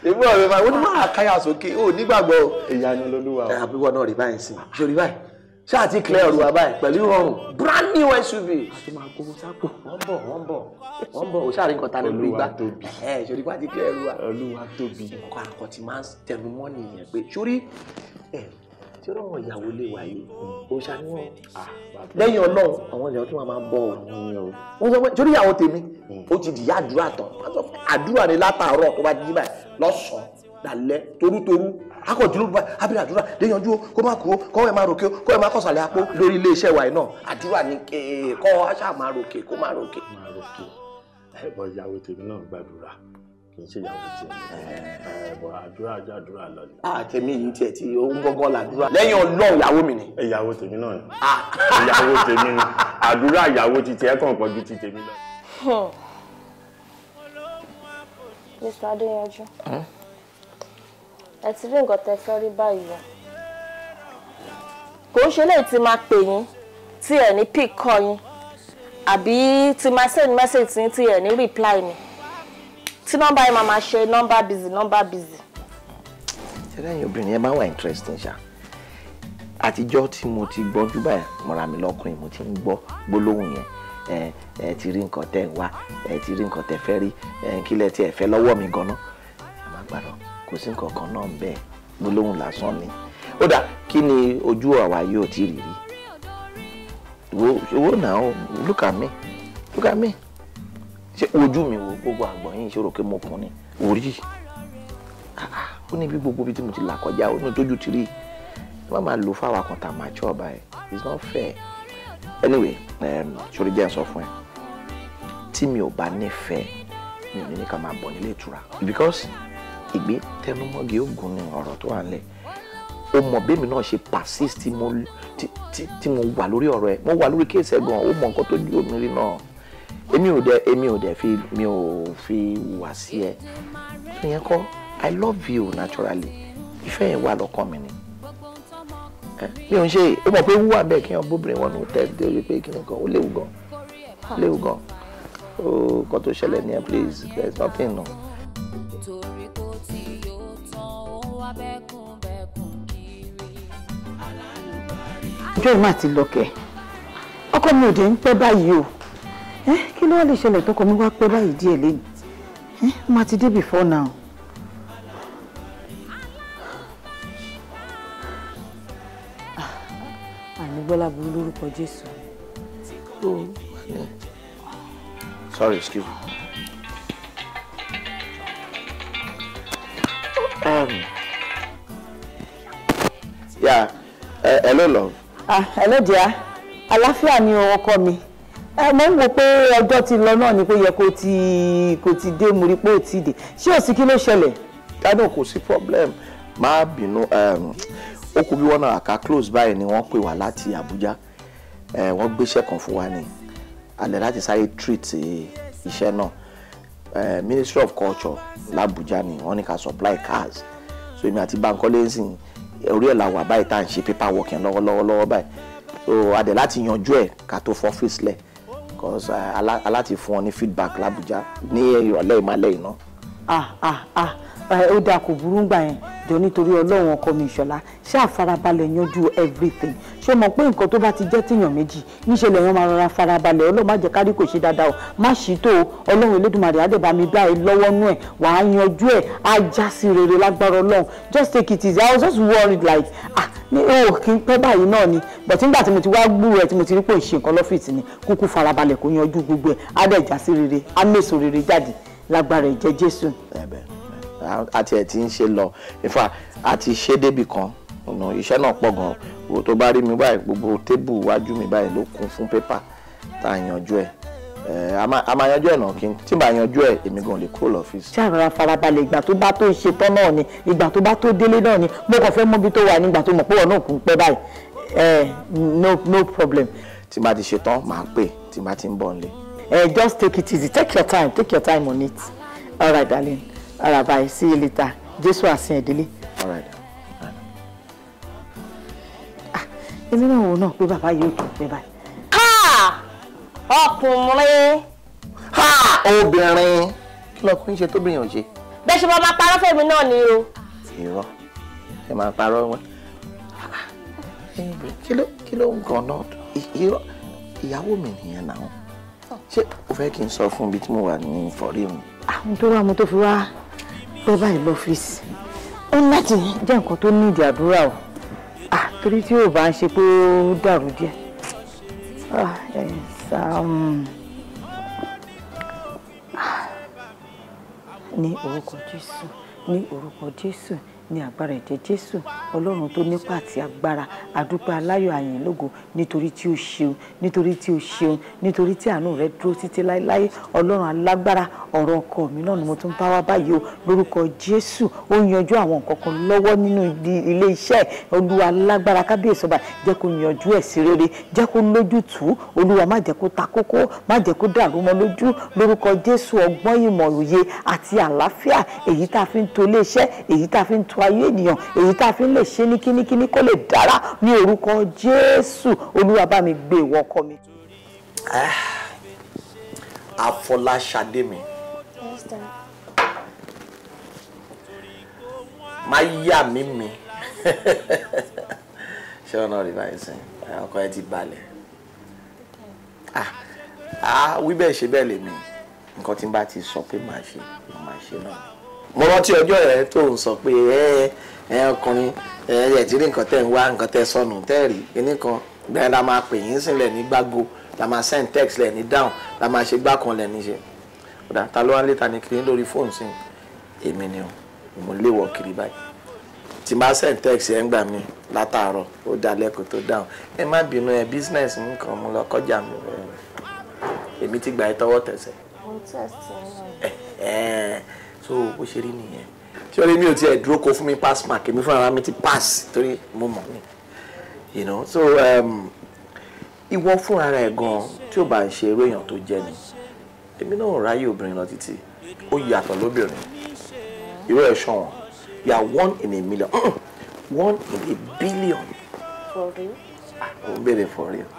Èmi ọ̀rẹ́ báyìí, ó ní máa káyà sókè, ó nígbàgbọ́ ìyanu lolúwa. Àbúrò náà rí báyìí sí, ṣé rí báyìí? Ṣé àti clear ọ̀rọ̀ wa báyìí pẹ̀lú ọrùn? Brand new SUV. Àti máa gbowó sápò. Wọ́n bọ̀, wọ́n bọ̀, wọ́n bọ̀, ò ṣáà rí nǹkan ta ni lórí igbá. Olúwa tóbi. Ẹ̀ ṣorí wá ti clear ọ̀rọ̀ wa. Olúwa tóbi. Ọkọ̀ àkọ́tì máa ń tẹnu mọ́ nìyẹn pé ṣorí tí ó wọn ìyàwó lè wáyé òòṣà ni wọn lẹ́yìn Ọlọ́run àwọn ìyàwó tí wọn máa bọ ọrùn ni o wọn sọ pé torí ìyàwó tèmi ó ti dìyà àdúrà tán àdúrà ni látàárọ̀ tó bá jí báyìí lọ́sàn toru toru. akọ̀dúró bá abẹ́rẹ́ àdúrà léyanjú kó má kú kó ẹ̀ má ròkè kó ẹ̀ má kọ̀sàlẹ̀ apó lórí iléeṣẹ́ wa náà àdúrà ni kọ́ aṣáà má ròkè kó má ròkè. má ròkè ẹ̀ bọ́ ìyàwó tèmi náà gbàdúrà kì í ṣe ìyàwó tiẹ̀ ẹ bọ àdúrà àdúrà lọ ni. a tèmi yìí tiẹ̀ tí ó ń gbọ́ngàn làdúrà lẹ́yìn ọlọ́run ìyàwó mi ni. ìyàwó tèmi náà ni ìyàwó tèmi ni àdúrà ìyàwó ti tiẹ̀ kàn pọ̀ ju ti tèmi lọ. Mr. Adéyanjú ẹ ti rí nǹkan tẹ fẹ́ rí báyìí o kò ń ṣe léyìí tí máa pè yín tí ẹ̀ ní pick call yín àbí tí máa send message yín tí ẹ̀ ní reply mi tí nọ́mbà yẹn máa máa ṣe nọ́mbà busy nọ́mbà busy. ṣẹlẹ yìí obìnrin yẹn máa wà interesting ṣá àtijọ́ tí mo ti gbọ́njú báyìí mọ̀ra mi lọ́kùnrin mo ti ń gbọ́ gbólóhùn yẹn ẹ ẹ ti rí nǹkan tẹ́ ń wá ẹ ti rí nǹkan tẹ́ fẹ́ rí ẹ kí lẹ tiẹ̀ fẹ́ lọ́wọ́ mi gan-an àmọ́ gbàdọ̀ kò sí nǹkan kan náà bẹ́ẹ̀ gbólóhùn lásán ni ó dà kí ni ojú àwa yóò ti rí rí wo wo now look at me look at me ṣé ojú mi wo gbogbo àgbọ̀n yìí ṣòro pé mo kún ni orí ó ní bí gbogbo ibi tí mo ti là kọjá ó ní tójú ti ẹ má máa lò fáwọn àkàntà máa tí ọba ẹ it's not fair anyway ṣòro jẹ́ sọ fún ẹ tí mi ò bá nífẹ̀ẹ́ mi ò ní ká máa bọ̀ nílé ìtura because ìgbé tẹnumọ́gi ogun ni ọ̀rọ̀ tó wà nílẹ̀ o mọ̀ bẹ́ẹ̀ mi náà ṣe persist tí mo wà lórí ọ̀rọ̀ ẹ mo wà lórí kéèsì ẹ̀ gan o mọ̀ nǹkan tó dí òmìnirí náà èmi ò dẹ èmi ò dẹ fi mi ò fi wà sí ẹ fún yẹn kọ́ i love you naturally ìfẹ́ yẹn wà lọ́kàn mi ni mi ò ń ṣe é mọ̀ pé wúwà bẹ́ẹ̀ kí wọ́n bóbìnrin wọn ò tẹ́ ẹ lórí pé kí ni kan ó léwu gan léwu gan ó kọ́ tó ṣẹlẹ̀ ní ẹ please there is nothing no. torí àti lọ́kẹ́ ọkọ mi ò dé ń pẹ́ báyìí o kí ló wá lè ṣẹlẹ̀ tọkọ mi wá pẹ́ báyìí díẹ̀ lẹ́yìn ó máa ti dé before now. Ah, ànígbọ́lá burú lórúkọ Jésù. Oh. sorry excuse me. Um, yeah, uh, hello love. ah hello dear àlàáfíà ni ọkọ mi ẹ mọ̀ ń wo pé ọjọ́ ti lọ náà ni pé yẹ kó ti kó ti dé mo rí pé ó ti dé ṣé òsì kí ló ṣẹlẹ̀. dádò kò sí problem má bínú um, ó kú bí wọ́n náà àká close báyìí ni wọ́n pè wá láti Àbújá wọ́n gbéṣẹ́ kan fún wa ni alẹ́ láti sáré treat eh, iṣẹ́ náà Ministry of Culture làbújá ni wọ́n ní ká supply cars so èmi àti Bankole ń sìn orí ẹ̀ la wà báyìí tá à ń ṣe paper work yẹn lọ́wọ́lọ́wọ́ báyìí so adẹ̀ láti yanjú ẹ̀ ká tó fọ́ fèsì lẹ̀ cause aláti fún ọ ní feedback làbújá ní ìrọ̀lẹ́ ìmàlẹ́ iná. ah ah ah ó dáa kò burú gbà yẹn jọ nítorí ọlọ́run ọkọ mi ìṣọ̀lá ṣáà yanjú everything ṣé mọ̀ pé nǹkan tó bá ti jẹ́ tìyàn méjì níṣẹ́ lẹ́yìn máa rọra farabalẹ̀ ọlọ́run má jẹ́ kárí kò ṣe dáadáa o má ṣì tó o ọlọ́run elédùnmarè àdèbá mi bá ẹ lọ́wọ́ nú ẹ̀ wà á yanjú ẹ̀ á já sí rere lágbára ọlọ́run just take it easy i was just worried like ah ní o kì í pẹ́ báyìí náà ni but nígbà tí mo ti wá gbúrò ẹ̀ tí mo ti rí pé ìṣe nǹkan lọ́fíìsì ni kúkú farabalẹ̀ kó yanjú gbogbo ẹ̀ á dẹ̀ já sí rere á mèso rere jáde lágbára ìjẹ́ jésù. ẹ bẹ́ẹ̀ àti ẹ̀ ti ń ṣe lọ in àti ṣe débì kan ọ̀nà iṣẹ́ náà pọ̀ gan wo tó bá rí mi báyìí gbogbo tébù iwájú mi báyìí ló kún fún pépà tá a yanjú ẹ̀ eh, a máa yanjú ẹ̀ náà kí n tí n bá yanjú ẹ̀ èmi gan lè kúrò lọ́fíìsì. ṣé àrùn afarabalẹ̀ ìgbà tó bá tó ṣe náà ni ìgbà tó bá tó délé náà ni mo kàn fẹ́ mọ ibi tó wà nígbà tó mọ̀ pé wọn náà kún pẹ́ báyìí eh, no no problem. tí n bá ti ṣe tán pè tí n bá ti ń bọ̀ nílé. Eh, just take it easy take your time take your time on it all right darling all right bye see you later jésù àsìn ìdílé. all right. Ah, èmi náà wò náà pé bàbá yóò tó pé báyìí. Ah! ọkùnrin. Ah, obìnrin kí lọkùnrin ṣe tóbìnrin ò ṣe. bẹ́ẹ̀ ṣe máa ma parọ́ fẹ́mi náà ni o. irọ́ ṣe máa parọ́ wọn. kí ló kí ló ń gan náà irọ́ ìyàwó mi nìyẹn náà ṣé o fẹ́ kí n sọ fún ibi tí mo wà ní ìfọ̀rí mi. àwọn tó wà mo tó fi wá pẹ́ báyìí lọ́fíìsì ó ní láti jẹ́ nǹkan tó ní ìdí àdúrà o torí tí yóò bá ń ṣe pé ó dàrú díẹ̀ um. ní orúkọ Jésù ní orúkọ Jésù ní agbára ẹ̀jẹ̀ jésù ọlọ́run tó nípa àti agbára àdúpẹ́ aláyọ̀ àyìn lógo nítorí tí o ṣeun nítorí tí o ṣeun nítorí tí àánú rẹ dúró títí láéláé ọlọ́run alágbára ọ̀rọ̀ ọkọ mi náà ni mo tún bá wá báyìí o lórúkọ jésù ó yanjú àwọn nǹkan kan lọ́wọ́ nínú ilé iṣẹ́ olúwa alágbára kábíyèsí ọba jẹ́ kó yanjú ẹ̀ sí rere jẹ́ kó lójútùú olúwa má jẹ́ kó ta kókó má jẹ́ kó dàrú mọ́ lójú lórúkọ jésù ọgbọ́n ìmọ̀ òye àti àlàáfíà èyí tá a fi ń to ilé iṣẹ́ èyí tá a fi ń to ètò ayé ènìyàn èyí tá a fi ń lè ṣe ní kíníkíní kó lè dára ní orúkọ Jésù Olúwa mi gbé ìwọ ọkọ mi. Ah, Afọláṣadé mi. Má yà mí mi. *laughs* Ṣé ọ̀nà rí báyìí sìn? Ọkọ ẹ ti balẹ̀. Ah, ah, wí bẹ́ẹ̀ ṣe bẹ́ẹ̀ lèmi. Nǹkan tí n bá ti sọ pé màá ṣe, màá ṣe náà mo rántí ọjọ́ rẹ tó ń sọ pé ẹ ẹ ọkùnrin ẹ ẹ ti rí nǹkan tẹ̀ ń wá nǹkan tẹ̀ sọnù tẹ̀ rí kíní kan bẹ́ẹ̀ la máa pè yín sílẹ̀ ní gbágo la máa send text lẹ̀ ní down la máa ṣe gbákan lẹ̀ ní ṣe ọ̀dà ta ló wá létà ní kiri lórí fóònù sí èmi ni o mo léwọ̀ kiri báyìí tí n bá send text ẹ̀ ń gbà mí látàárọ̀ ó dalẹ̀ kó tó down ẹ má bínú ẹ business nǹkan mo lọ kọjá mi èmi ti gbà ẹ tọwọ́ tẹsẹ̀. mo tẹ̀sí ẹ so bó ṣe rí nìyẹn tí wọ́n lé mi ò tiẹ̀ dúró kó fún mi pass mark èmi fúnra mi ti pass torí mo mọ̀ ni you know so um, ìwọ fúnra rẹ̀ gan tí ò bá ń ṣe eré èèyàn tó jẹ́ ni èmi náà ráyè obìnrin lọ títí ó yàtọ̀ lóbìnrin irú ẹ̀ ṣọ̀wọ́n you are one in a million *clears throat* one in a billion. for real. ah òun béèrè for real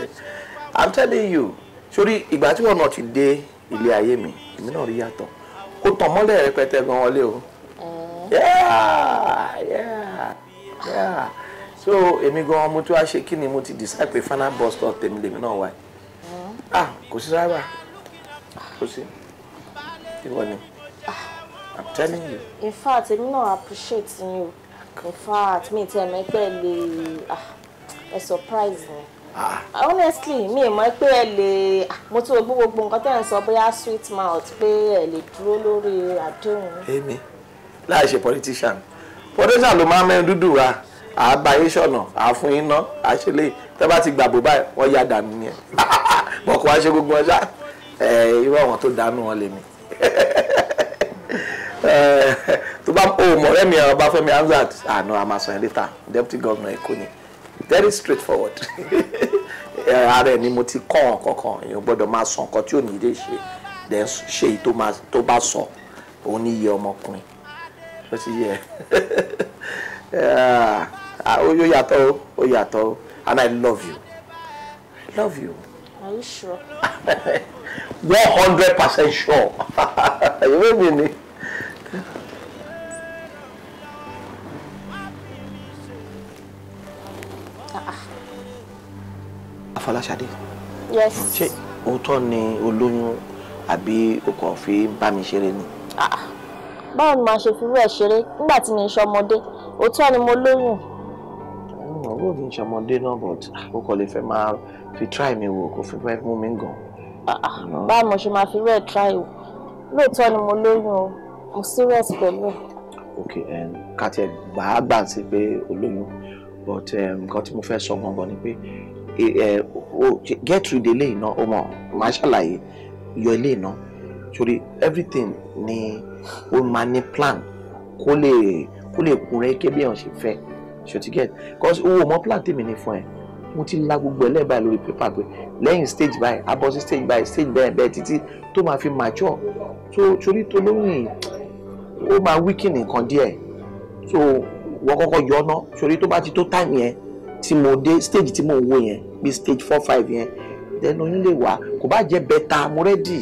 *laughs* i'm telling you sórí ìgbà tí wọn náà ti dé ilé ayé mi èmi náà rí yàtọ̀ ó tàn mọ́lẹ̀ rẹpẹtẹ gan wọlé o yeah yeah yeah so èmi gan mo tún wá ṣe kí ni mo ti decide pé final bus stop tèmi lèmi náà wáyé ah kò sí rárá kò sí ìwọ ni ah. i'm telling you. in fact èmi náà appreciate you. in fact mi tẹ̀ mẹ́pẹ́ Ah, ẹ surprise me. Ah. honestly mi ì mọ̀ pé ẹ lè ah, mo ti wo gbogbo nǹkan tẹ́ ẹ̀ ń sọ bóyá sweet mouth pé ẹ lè dúró lórí àdéhùn. èmi láì ṣe politician politician ló máa ń mẹ́rin dúdú wa àbáyé ṣọ̀nà àfún iná àṣẹlẹ̀ tẹ́ bá ti gbàgbọ́ báyìí wọ́n yá dànù ni ẹ̀ mọ̀ kó wá ṣe gbogbo ọjà irú àwọn tó dànù wọn lèmi *laughs* tó bá o mọ̀rẹ́ mi ọba Fẹ́mi Hamzat àná àmàsàn ẹ̀ lẹ́ta deputy governor Èkó ni very straightforward *laughs* eh, ara ẹ̀ ni mo ti kọ́ ọ̀ kankan èèyàn gbọ́dọ̀ máa sọ nǹkan tí ò ní lè ṣe then ṣe èyí tó bá sọ òun ní iye ọmọkùnrin ló ti yẹ *laughs* eh, ah, ó yàtọ̀ o ó yàtọ̀ o and I love you I love you. Are you sure? 100% *laughs* sure. you know me. Afọláṣadé. Yes. Ṣé òótọ́ ni olóyún àbí o fi ń bá mi ṣeré ni? Ah, ah. Báwo ni màá ṣe fi rẹ̀ ṣeré nígbà tí mi ń ṣọmọdé? Òótọ́ ni mo lóyún. Ọ̀rọ̀ mi ń ṣọmọdé náà but o ah, kò lè fẹ́ máa fi try mi wò kò fi fẹ́ mú mi gàn. Báwo mo ṣe máa fi rẹ̀ try o? Lóòótọ́ ni mo lóyún o, mo serious pẹ̀lú ẹ̀. Ok, ká tiẹ̀ gbàá gbà sí pé olóyún but um, nǹkan tí mo fẹ́ sọ gangan ni pé e, e, get through the lane náà ó mọ̀ máa ṣàlàyé yọ lane, náà sórí everything ni ó máa ní plan kó lè kó lè kun rẹ kébí ẹ̀hún ṣe fẹ́ ṣòtí get cause owó mọ plan tèmi ní fún ẹ mo ti la gbogbo ẹ lẹ́ẹ̀bá lórí pépà pé lẹ́yìn stage by, abọ́ stage by, stage by, bẹ́ẹ̀ títí tó máa fi mature So sórí tó lóyìn ó máa weaken nǹkan díẹ̀ so wọ́n kọ́kọ́ yọ ọ́nà sórí tó bá ti tó táìmù yẹn tí mo dé stage tí mo wò yẹn bí stage four five yẹn then oyún lè wá kò bá jẹ́ bẹ́tà mo ready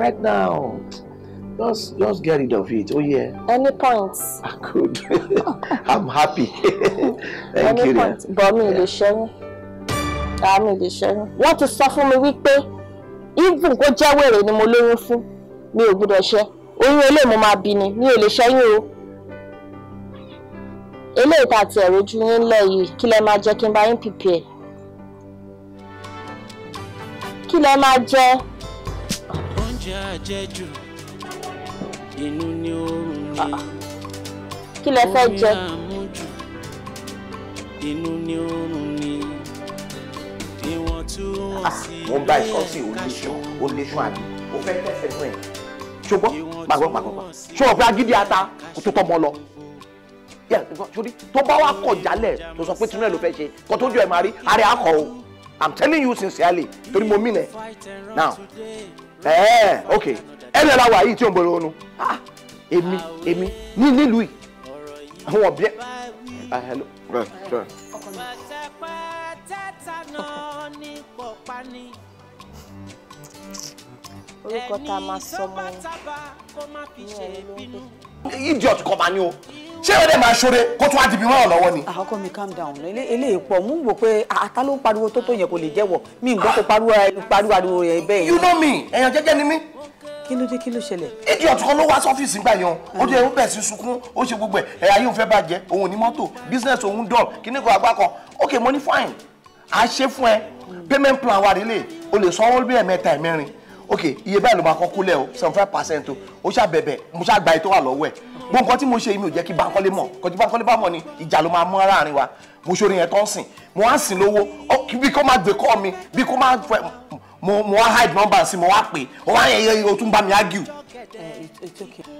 right now just just get rid of it ó yẹ. any point. ah good *laughs* i'm happy *laughs* thank any you. any point bọ́ mi lè ṣẹ́yìn àmì ah, lè ṣẹ́yìn wọ́n ti sọ fún mi wípé even kó jẹ́ wèrè ni mo lóyún fún mi ò gbúdọ̀ ṣẹ́ oyún eléyìí mo máa bí ni mi ò lè ṣẹ́yìn o eléyìí tá a ti ẹ̀rọ ojú yín lẹ̀ yìí kí lẹ máa jẹ kí n bá yín prepare kí lẹ máa jẹ. oúnjẹ àjẹjù inú ni oorun ni. Ah, kí lẹ fẹ́ jẹ. inú ni oorun ni. ìwọ̀ntúnwọ̀nsì ló ah, ń bá ìsọ̀tì oníṣọ́ oníṣọ́ àbí ó fẹ́ tẹ̀sẹ̀ fún ẹ̀ ṣùgbọ́n pàgọ́pàgọ́pà ṣùgbọ́n fún agídí ata kò tó tọ́ mọ́ lọ sori tó bá wà kọ̀ jálẹ̀ tó sọ pé tinubu ló fẹ́ ṣe kó tójú ẹ̀ máa rí àrẹ akọ̀ o i'm telling you sincerely torí mo mean now ẹ̀ẹ́ ok ẹ̀rọ ẹ̀la wà yìí tí ò ń bọ̀ lọ́nu ah èmi èmi ní nílùú yìí àwọn ọ̀bẹ ah, hello. orúkọ tá máa sọ ẹ ní ẹ̀ ló ń pè. idiot kọ́ máa ní o ṣé ó dẹ̀ máa ṣoore kó tún àdìbí mọ́ lọ́wọ́ ni. àkọ́kọ́ ah, mi calm down eléyìí pọ̀ mú wò pé ah, ata ló ń pariwo tó tó yẹn kò lè jẹ́wọ̀ mi ń gbọ́ kó eh, pariwo ariwo rẹ̀ bẹ́ẹ̀. you know me èèyàn jẹ́jẹ́ ni mí. kí ló dé kí ló ṣẹlẹ̀. ìdí ọ̀tún kan ló wá sọ́fíìsì gbà yan ah. ó dé ó bẹ̀ sí sunkún ó ṣe gbogbo ẹ̀ ayé òun fẹ́ bàjẹ́ òun ní mọ́tò business òun dọ̀ kíní kan àgbà kan ok mo ní fine à fún ẹ hmm. payment plan wa rèé lè o lè sanwó bí ẹ̀mẹ́ta ok iye báyìí ló máa kọ́ kúlẹ̀ o seventy five percent o ó ṣá bẹ̀bẹ̀ mo ṣá gba ètò wà lọ́wọ́ ẹ̀ bó nǹkan tí mo ṣe mi ò jẹ́ kí Bankole mọ̀ nǹkan tí Bankole bá mọ̀ ni ìjà ló máa mú láàrin wa mo ṣorin yẹn tó ń sìn mo á sìn lówó bí kò máa gbé mi bí kò máa fẹ́ mo mo wá hide number sí mo wá pè ó wá yẹ yẹ o tún bá mi argue.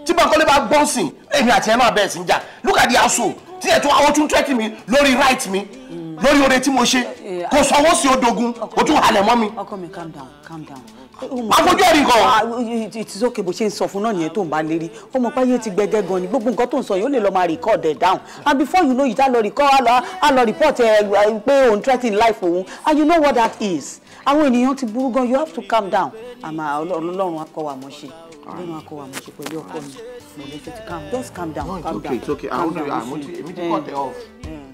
tí Bankole bá gbọ́n sìn èmi àti ẹ̀ máa bẹ̀rẹ̀ sí ń jà look at the asshole tí ẹ̀ tún àwọn tún tẹ́kì mi lórí right mi lórí oore tí mo ṣe eh, eh, kò sanwó sí odogun o tún halẹ̀ mọ́ mi. ọkọ mi calm down calm down afojú ẹ̀rí kan. Ah, it's okay bó ṣe ń sọ fún náà nìyẹn tó ń bá lérí ó mọ pé ayé ti gbẹgẹ gan ni gbogbo nǹkan tó ń sọ yìí lè lọ máa record ẹ down and before you know it á lọ record á lọ report ẹ pé òun threatening life òun and you know what that is àwọn ènìyàn ti burú gan you have to calm down àmọ́ ọlọ́run akọ wa mọ̀ ṣe ọlọ́run akọ wa mọ̀ ṣe pẹ̀lú ọkọ mi mo lè tètè calm just calm down calm down. no it's okay it's okay i want to i want to immediately cut it eh, off. Eh.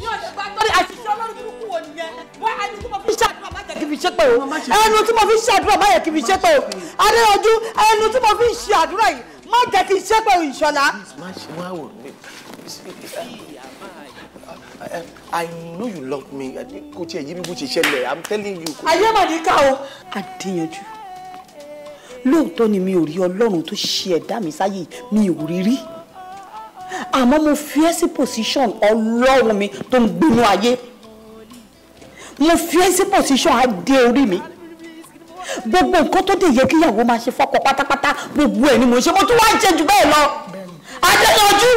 ní tí mo fi ṣàdúrà má má yẹ kí fi ṣépè o adéyanjú ẹnu tí mo fi ṣe àdúrà yìí má jẹ́ kí ṣépè o ìṣọ̀lá. I know you love me. Kò tiẹ̀ yí bí mo ṣe ṣẹlẹ̀. I'm telling you. Ayé mà ní ká o. Adéyanjú lóòótọ́ ni mi ò rí ọlọ́run tó ṣe ẹ̀dá mi sáyé mi ò rí rí àmọ́ mo fi ẹ́ sí position ọlọ́run mi tó ń gbénú ayé mo fi ẹ́ sí position adé orí mi gbogbo nǹkan tó dé yẹ kíyàwó máa ṣe fọ́kọ pátápátá gbogbo ẹ̀ ni mo ṣe mo tún wá ń ṣe jù bẹ́ẹ̀ lọ adéyanjú.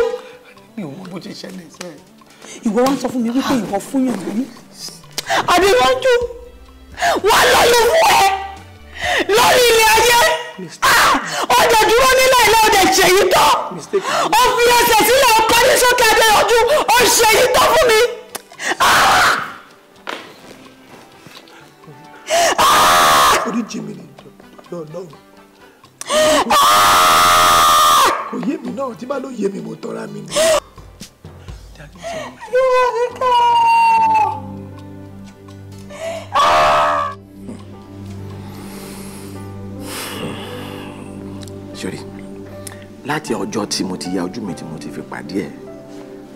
mi ò mọ bó ṣe ṣẹlẹ̀ sẹ́ẹ̀. ìwọ wá ń sọ fún mi wípé ìwọ fún yàn lóyún adéyanjú wà lọ́yọ̀ fún ẹ lórí ilé ayé ah! ọdẹ dúró nílẹ̀ ilé ọdẹ ṣèyí tọ́ ó fi ẹsẹ̀ sílẹ̀ ó parí sókè adéyanjú ó ṣèyí tọ́ fún mi. Ah! oríjì mi ni ìjọba ọlọ́run ah! kò yé mi náà tí bá ló yé mi mo tọ́ra mi ni. Ah! Sorry, láti ọjọ́ tí mo ti ya ojú mi tí mo ti fi pàdé ẹ̀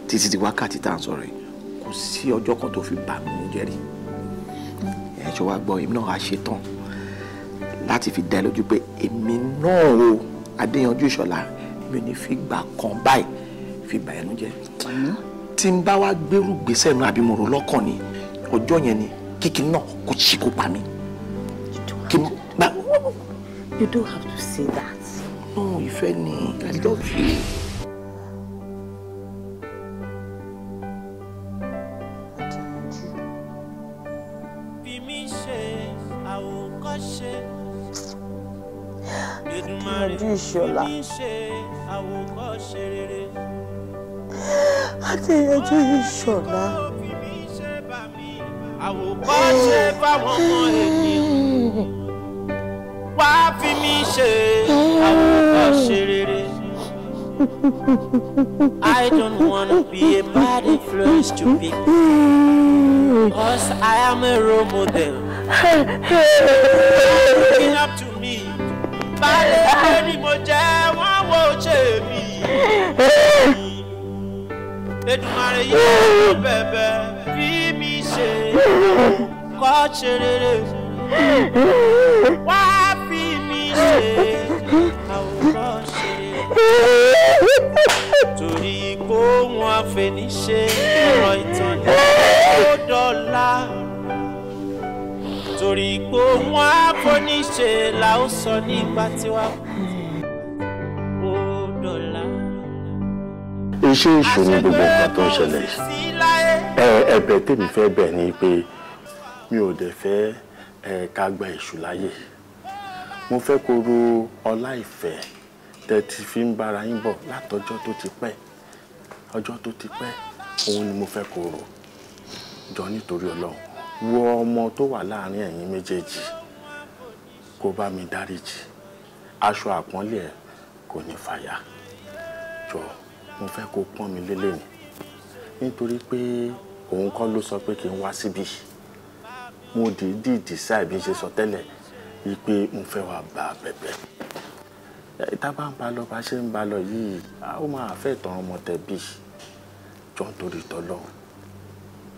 títí di wákàtí tá à ń sọ̀rọ̀ yìí kò sí ọjọ́ kan tó fi bà mí ní jẹ́rí ẹ̀ ṣe wá gbọ́ èmi náà á ṣe tán láti fi dá ẹ lójú pé èmi náà o Adéyanjú Ìṣọ̀lá mi ò ní fi gbà kan báyìí fi bà ẹnu jẹ́ tí n bá wá gbérù gbèsè nu àbí mo lọ́kàn ni ọjọ́ yẹn ni kíkì náà kò ṣì kó pa mí. You don't have to say that no ìfẹ́ ni I love you. Ìyànjú ìṣọ̀lá. Adéyanjú ìṣọ̀lá. wá fi mí ṣe àwòkọ́ṣe. Mm. I don't wanna be a bad influence to be Cause I am a role model. Looking up to me. Balẹ̀ ni mo jẹ́, wọ́n wo ṣe mi. Èdùmàrè yóò lọ bẹ̀bẹ̀ bí mi ṣe kọ́ ṣe rere. Wá bí mi ṣe. ránṣẹ́ torí kó wọn àfẹniṣe ọ̀rọ̀ ìtàn ní dọ́là torí kó wọn àfọníṣe là nígbà tí ó dọ́là. iṣẹ́ èṣù ni gbogbo nǹkan tó ń ṣẹlẹ̀ ẹ̀bẹ̀ tèmi fẹ́ bẹ̀ ni pé mi ò dẹ̀ fẹ́ ká gba èṣù láyè mo fẹ́ kó ro ọlá ìfẹ́ tẹ́ ti fi ń bára yín bọ̀ látọjọ́ tó ti pẹ́ ọjọ́ tó ti pẹ́ òun ni mo fẹ́ kó rò jọ nítorí ọlọ́run wo ọmọ tó wà láàrin ẹ̀yin méjèèjì kó bá mi dáríjì aṣọ àpọ́nlé ẹ̀ kò ní fàyà jọ mo fẹ́ kó pọ́n mi lélẹ̀ ni nítorí pé òun kọ́ ló sọ pé kí n wá síbí mo dìídì dìísà bí n ṣe sọ tẹ́lẹ̀ wípé mo fẹ́ wá bá bẹ̀bẹ̀ tá a bá ń ba lọ bá ṣe ń ba lọ yìí ó máa fẹ́ tán ọmọ tẹ̀bí jọ nítorí tọ́lọ́hún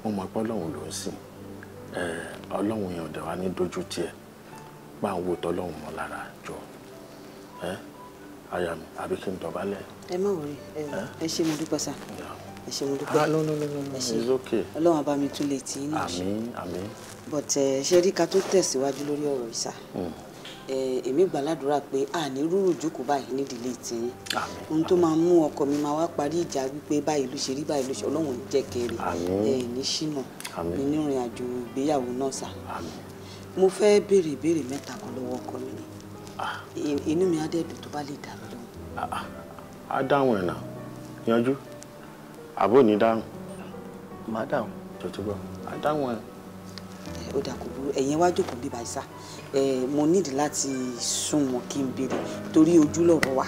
mo mọ̀ pé ọlọ́run ló ń sìn ọlọ́run yẹn ọ̀dẹ̀ wa ní dojú tiẹ̀ bá ń wo tọ́lọ́run mọ́ lára jọ aya mi àbí kí n dọ̀bálẹ̀. ẹ má wọrí ẹ ṣe mo dúpẹ́ sá ẹ ṣe mo dúpẹ́ ẹ ṣe ọlọ́run bá tún lè tì í ṣe àmín àmín but ṣe rí ká tó tẹ̀síwájú lórí ọ̀rọ̀ ìsà èmi gbàládùra pé a ní rúrù jókòó báyìí nídìílé tiyín ohun tó máa mú ọkọ mi máa wá parí ìjà wípé báyìí ló ṣe rí báyìí ló ṣe ọlọ́run jẹ́ kẹrì ẹ ní ṣìnà nínú ìrìn àjò ìgbéyàwó náà sà mo fẹ́ béèrè ìbéèrè mẹ́ta kan lọ́wọ́ ọkọ mi ni inú mi á dẹ̀dùn tó bá lè dà mí lóhùn. á dáhùn ẹ̀ náà yanjú àbó ní dáhùn má dáhùn tó tó bọ̀ á dáhùn ẹ̀. ó dà kò burú ẹ̀yin wá jókòó bí bàyìí sá mo nídìí láti súnmọ́ kí n béèrè torí ojú lọ̀rọ̀ wa.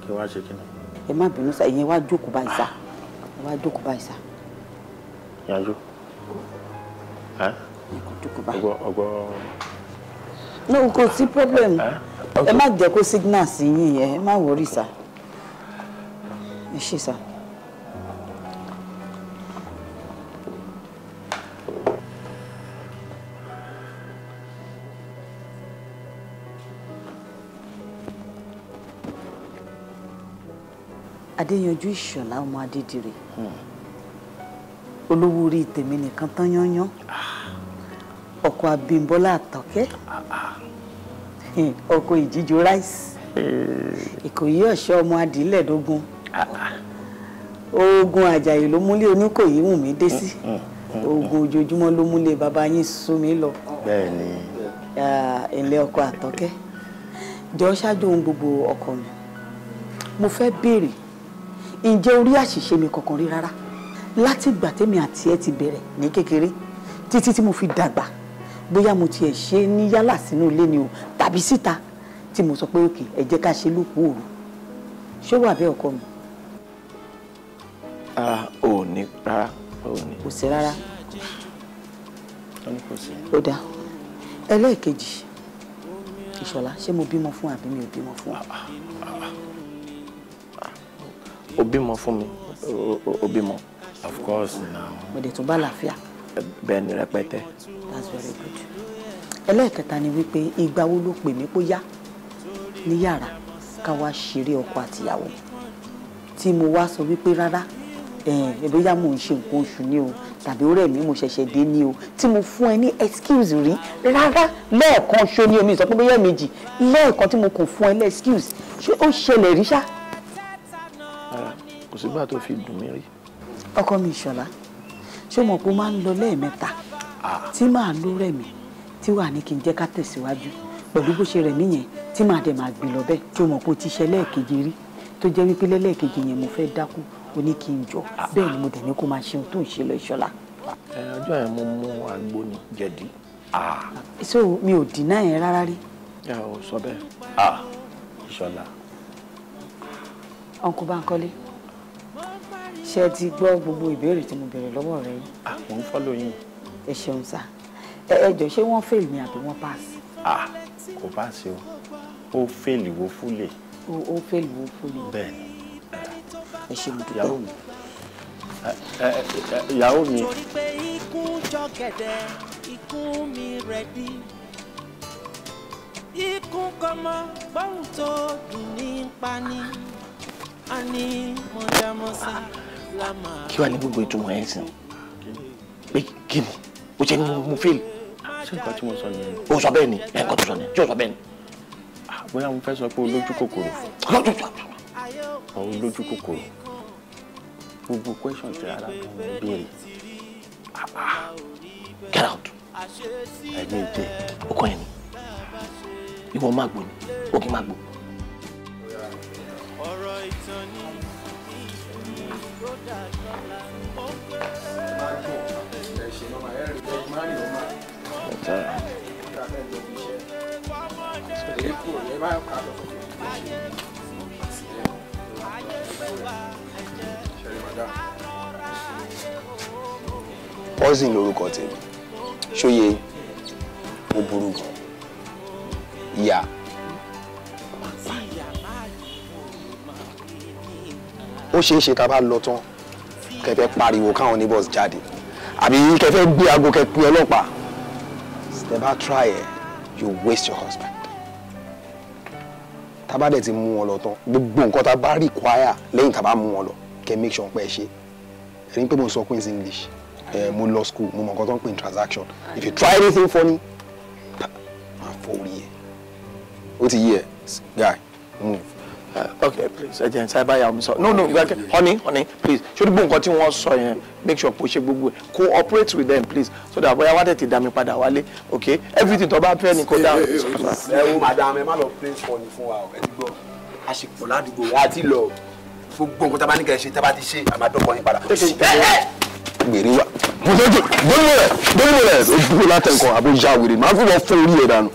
kí wàá ṣe kí ni. ẹ má bínú sá ìyẹn wàá jókòó báyìí sá wàá jókòó báyìí sá. yanjú ẹ ọgbọ. no kò sí problem ẹ má jẹ́ kó signal sí yín yẹn ẹ má wọrí sá ẹ ṣe sá. adéyanjú ìṣọ̀lá ọmọ adédire olówó orí tèmi nìkan tán yányán ọkọ abímbọ́lá àtọ́kẹ́ ọkọ ìjíjó ráìsì ìkòyí ọ̀ṣọ́ ọmọ adìílẹ̀dógún oògùn àjàyè ló múlé oníkòyí wù mí dé sí oògùn ojoojúmọ́ ló múlé bàbá yín sún mi lọ bẹ́ẹ̀ni ilé ọkọ àtọ́kẹ́ jọ ṣáájú ohun gbogbo ọkọ mi mo fẹ́ béèrè ǹjẹ́ orí àṣìṣe mi kankan rí rárá láti ìgbà tèmi àti ẹ ti bẹ̀rẹ̀ ní kékeré títí tí mo fi dàgbà bóyá mo tiẹ̀ ṣe é ní yálà sínú ilé ni o tàbí síta tí mo sọ pé òkè ẹ jẹ́ ká ṣe lóko òru ṣé wà bẹ́ẹ̀ ọkọ mi. rárá ò ní rárá ò ní. kò sí rárá. ó dáa ẹlẹ́ẹ̀kejì ìṣọ̀lá ṣé mo bímọ fún àbí mi ò bímọ fún ọ. Ah, ah, ah, ó bímọ fún mi ó bímọ. of course now. mo de tún bá àlàáfíà. bẹ́ẹ̀ ni rẹpẹtẹ. that's very good. ẹlẹ́ẹ̀kẹta ni wípé ìgbà wo ló pè mí pé yá ní yàrá ká wá ṣeré ọkọ àtìyàwó tí mo wá sọ wípé rárá bóyá mò ń ṣe nǹkan oṣù ni o tàbí ó rẹ̀ mí mo ṣẹ̀ṣẹ̀ dé ni o tí mo fún ẹ ní excuse rí rárá lẹ́ẹ̀kan ṣo ni omi ìsọpẹ́ bóyá méjì lẹ́ẹ̀kan tí mo kò fún ẹ ní excuse ṣé ó ṣẹlẹ̀ rí ṣáá sígbà tó fi dùn mí rí. ọkọ mi ìṣọ̀lá ṣé o mọ̀ pé o máa ń lọ lẹ́ẹ̀mẹ́ta ah. tí màá ló rẹ̀ mí tí wàá ní kí n jẹ́ ká tẹ̀síwájú pẹ̀lú bó ṣe rẹ̀ mí yẹn tí màá dẹ̀ máa gbé lọ bẹ́ẹ̀ tí o mọ̀ pé o ti ṣe lẹ́ẹ̀kejì rí tó jẹ́ wípé lẹ́ẹ̀kejì yẹn mo fẹ́ dákú o ní kí n jọ ah. bẹ́ẹ̀ ni mo dẹ̀ ní kó máa ṣe ohun tó ń ṣe lọ ìṣọ̀lá. ọjọ́ yẹn mo mú àgbo jẹ̀dí. Ah. so mi ò dínà yẹn rárá rí. ẹ ò sọ bẹ́ẹ̀ ìṣọ̀lá. ọkùnrin bá ń kọ́lé ṣe ti gbọ́ gbogbo ìbéèrè tí mo béèrè lọ́wọ́ rẹ yìí. àwọn ah, ń fọ́lọ́ ẹ ṣeun sá ẹ ṣé wọ́n fail ni àbí wọ́n pass. ah kò pass o ó fail wo fúlẹ̀. ó fail wo fúlẹ̀. bẹ́ẹ̀ni ẹ ṣeun dúpẹ́. ìyàwó mi ìyàwó mi. torí pé ikú jọ gẹ̀dẹ̀ mi rẹ̀ dí ikú kọ́mọ gbọ́hùn tó dùn ní pani a ní mọ̀dámọ́sá kí wàá ní gbogbo ìtumọ̀ ẹ̀ sìn pé kí ni o ṣe mo fíìl. ṣé nǹkan tí mo sọ nìyẹn. o sọ bẹ́ẹ̀ ni ẹ̀ nǹkan tó sọ nìyẹn tí o sọ bẹ́ẹ̀ ni. Ah, bóyá mo fẹ́ sọ pé olójú kòkòrò. lójú kòkòrò. olójú kòkòrò gbogbo question ti ara mi ń béèrè. Ah, ah. get out. ẹ̀mí ìjẹ́ ọkọ yẹn ni ìwọ máa gbò ni ó kì í máa gbò. ọ̀rọ̀ ìtàn ni. Poison lorúkọ tèmi ṣóye ó burú gan ìyá ó ṣeé ká bá lọ tán kẹfẹ́ pariwo káwọn neighbors jáde àbí kẹfẹ́ gbé aago kẹpin ọlọ́pàá never try it you waste your husband tábà dẹ̀ ti mú wọn lọ tán gbogbo nǹkan tá a bá require lẹ́yìn tá mú wọn lọ kẹ́ make sure pé ẹ ṣe ẹ̀rín pé mo sọ queen's english mo lọ school mo mọ nǹkan tó ń pè ní transaction if you try anything funny máa fọ orí ẹ ó ti yí ẹ guy move. Uh, okay please ẹ jẹ́ n sáyé báyà omi sọ no no okay, honey honey please ṣé o ní gbogbo nǹkan tí wọ́n sọ yẹn make sure kó ṣe gbogbo ẹ̀ cooperate with them please so that bóyá wá tètè dá mi padà wálé okay everything tó bá fẹ́ ni kó dáhùn. ẹ wo madam ẹ má lọ play funny fún wa ẹ ti gbọ́ a ṣe pọ̀ ládùúgbò wa àti lọ gbogbo nǹkan tá a bá ní kẹ́ ẹ ṣe tá a bá ti ṣe àmàdọ́kọ yín padà. gbèrè wa mo tẹ́jú dónú rẹ̀ dónú rẹ̀ ojúkú látẹ̀kọ̀ àbójá wèrè máa fi lọ fún orí ẹ̀ dànù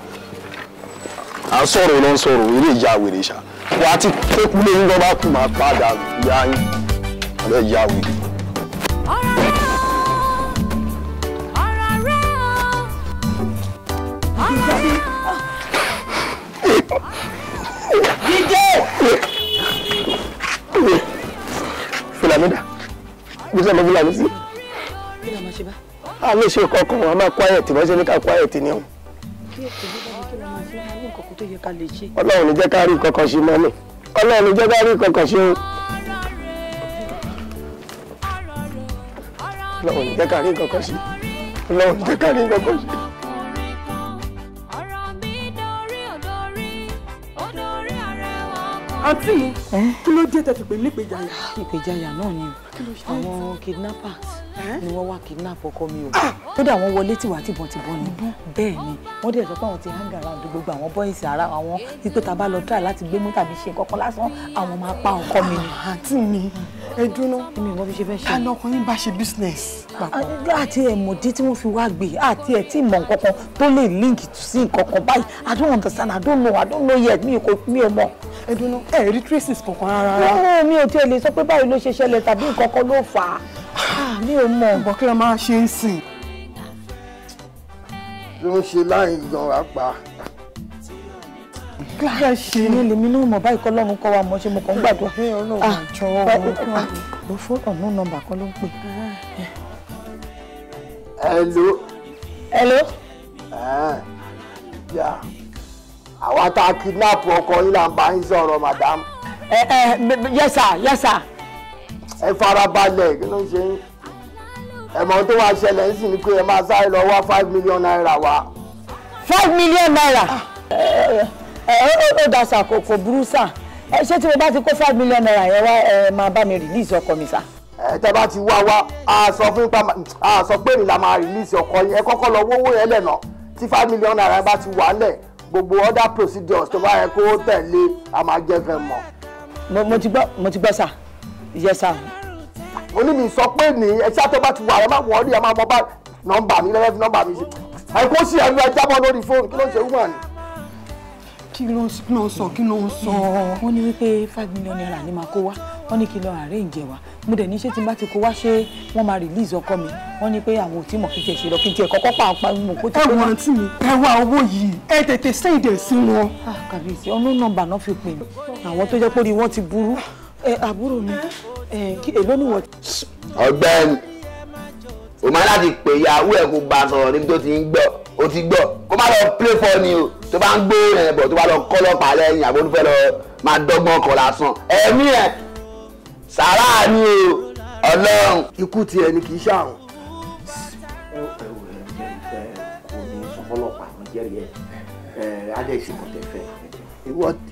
à ń sọ̀rọ̀ ló ń sọ̀rọ̀ eré ìjà wèrè wà á ti kó kúlé yín lọ́ba kù máa padà ya yín ọ̀rẹ́ ìyá wì. Jíjẹ́! Fúlàmídà, bí sọ́mọ́ Fúlàmí sí. Kí ló máa ṣe bá? A lè ṣe kọ̀ọ̀kan, a máa kó ayẹ̀tì, wọ́n ṣe ní ká kó ayẹ̀tì ni ọ̀hún. Kí ètò bí wọ́n ọlọ́run ní jẹ́ ká rí kankan ṣe mọ́mì ọlọ́run ní jẹ́ ká rí kankan ṣe o ọlọ́run ní jẹ́ ká rí kankan ṣe ọlọ́run ní jẹ́ ká rí kankan ṣe. àǹtí mi kí ló dé tẹ́ fi pè mí náà ni o àwọn kidnappers ni wọ́n wá kidnap ọkọ mi o kódà wọ́n wọlé tìwà tìbọ̀tìbọ̀ ni bẹ́ẹ̀ ni wọ́n dẹ̀ sọ pé àwọn ti hang around gbogbo àwọn boys ara àwọn ti pé ta bá lọ try láti gbé mú tàbí ṣe kọ́kọ́ lásán àwọn máa pa ọkọ mi ni. àǹtí mi ẹ dúró èmi ìwọ fi ṣe fẹ́ ṣe. àná ọkùnrin bá ṣe business papọ̀. àti ẹ̀mọ̀dé tí wọ́n fi wá gbé àti ẹ̀ tí mọ̀ nǹkan kan tó lè link sí nǹkan kan báyìí I don't understand I don't know I don't know yet mi ò mi ò mọ̀. ẹ dúró ẹ rí traces kankan rárá. mi ò tiẹ̀ lè sọ pé báyìí ló nǹkan kan ló fà á ah, mi ò mọ nǹkan kí ló máa ṣe ń sìn. ló ń ṣe láì gan apá. kí ló fẹ́ ṣe ní lèmi náà mọ̀ báyìí kọ́ lọ́run kọ́ wa mọ̀ ṣe mo kàn ń gbàdúrà. ẹ ọlọ́run jọ ọ̀rọ̀ kí fún ọ̀nà nọ́mbà kan ló ń pè. hello. hello. Eh, yà àwa tá a kidnap ọkọ yín là ń bá yín sọ̀rọ̀ madam. ẹ eh, ẹ eh, yes sir yes sir ẹ farabalẹ̀ kí ló ń ṣe yín ẹ̀mọ́ tó wá ṣẹlẹ̀ ń sì ní pé ẹ máa sáré lọ wá five million naira wa. five million naira ah. ó dà sà kò burú sà ṣé tí mo bá ti kó five million naira yẹn wá ẹ máa bá mi release ọkọ mi sà. ẹ tẹ bá ti wá wá a sọ fún pa a sọ pé èmi la máa release ọkọ yẹn ẹ kọ́kọ́ lọ wówó yẹn lẹ́nà tí five million naira bá ti wà lẹ̀ gbogbo other procedures tó bá yẹ kó tẹ̀lé a máa jẹ́ fẹ́ mọ̀. mo ti gbọ́ mo ti gbọ́ sà yes sir. Only me. So sọ pé ní ẹṣẹ́ àtọ́ bá ti wà ẹ má wọ̀ ọ́ rí ẹ má number. I go see. lẹ́lẹ́ fi nọ́mbà mi ṣe àìkó sí ẹnu ẹ jábọ́ lórí fóònù kí ló ń ṣe wúmọ̀ ni. kí ló five million naira ni màá kó wá wọ́n arrange wa Mude ni ní ṣé tí n ti kó wá ṣé wọ́n release ọkọ mi Only ní pé àwọn mo tí mọ̀ kí n tiẹ̀ ṣe pa ọ̀pá mi kó tó. ẹ wọ àǹtí mi ẹ wá te te ẹ tètè ṣe ìdè Ah, wọn. kàbíyèsí ọ̀nà nọ́mbà náà fi pè mí àwọn tó jẹ́ pé orí to buru ẹ àbúrò mi ẹ kí èló ni wọ́n. ọ̀gbẹ́ni o máa láti pè yahoo ẹ kó bá a sọ̀rọ̀ níbi tó ti ń gbọ́ o ti gbọ́ kó má lọ play for ni o tó bá ń gbé yẹn bọ̀ tó bá lọ kọ́ lọ́pàá lẹ́yìn àbó tó fẹ́ lọ máa dọ́gbọ́n ọkọ̀ lásán ẹ̀mí ẹ̀ sàrà ni o ọlọ́run. ikú tiẹ̀ ni kì í ṣàrùn.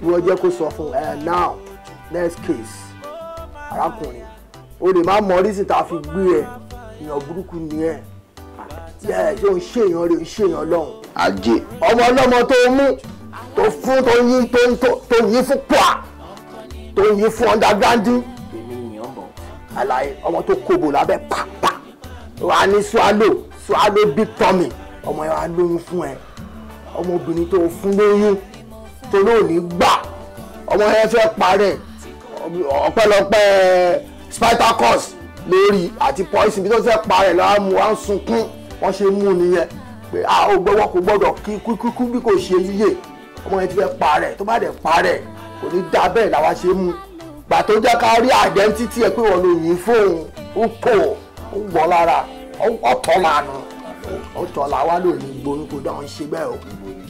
ìwọ jẹ́ kó sọ fún ẹ náà next case arákùnrin o lè má mọ reason tá a fi gbé ẹ èèyàn burúkú ni ẹ bẹ́ẹ̀ tó ń ṣèyàn rè ń ṣèyàn lọ́hùn. ajé. ọmọ ọlọ́mọ tó mú tó fún tó yín tó yín fún pọ́à tó yín fún undergrounding. èmi ni ọmọ. àlàyé ọmọ tó kóbo lábẹ́ pàpà wà ní swallow swallow big tummy ọmọ yẹn wà lóyún fún ẹ ọmọbìnrin tó fún lóyún tó lóò ní gbà ọmọ yẹn fẹ́ parẹ́ ọpẹ́lọpẹ́ Spartacus lórí àti poison bí tó ṣe pa rẹ̀ lọ́wọ́ mu wá ń sunkún wọ́n ṣe mú nìyẹn pé a ah, ò gbọ́wọ́ kò gbọ́dọ̀ kíkú bí kò ṣe yíyè ọmọ yẹn ti fẹ́ pa rẹ̀ tó bá dẹ̀ pa rẹ̀ kò ní dá bẹ́ẹ̀ làwa ṣe mú gbà tó jẹ́ ká rí àdẹ́ntítì ẹ̀ pé wọ́n ló yìn fóun ó kò ó gbọ́ lára ọ̀tọ̀ lànà ọ̀tọ̀ làwa ló ní gbóyún kó dáhùn ṣe bẹ́ẹ̀ o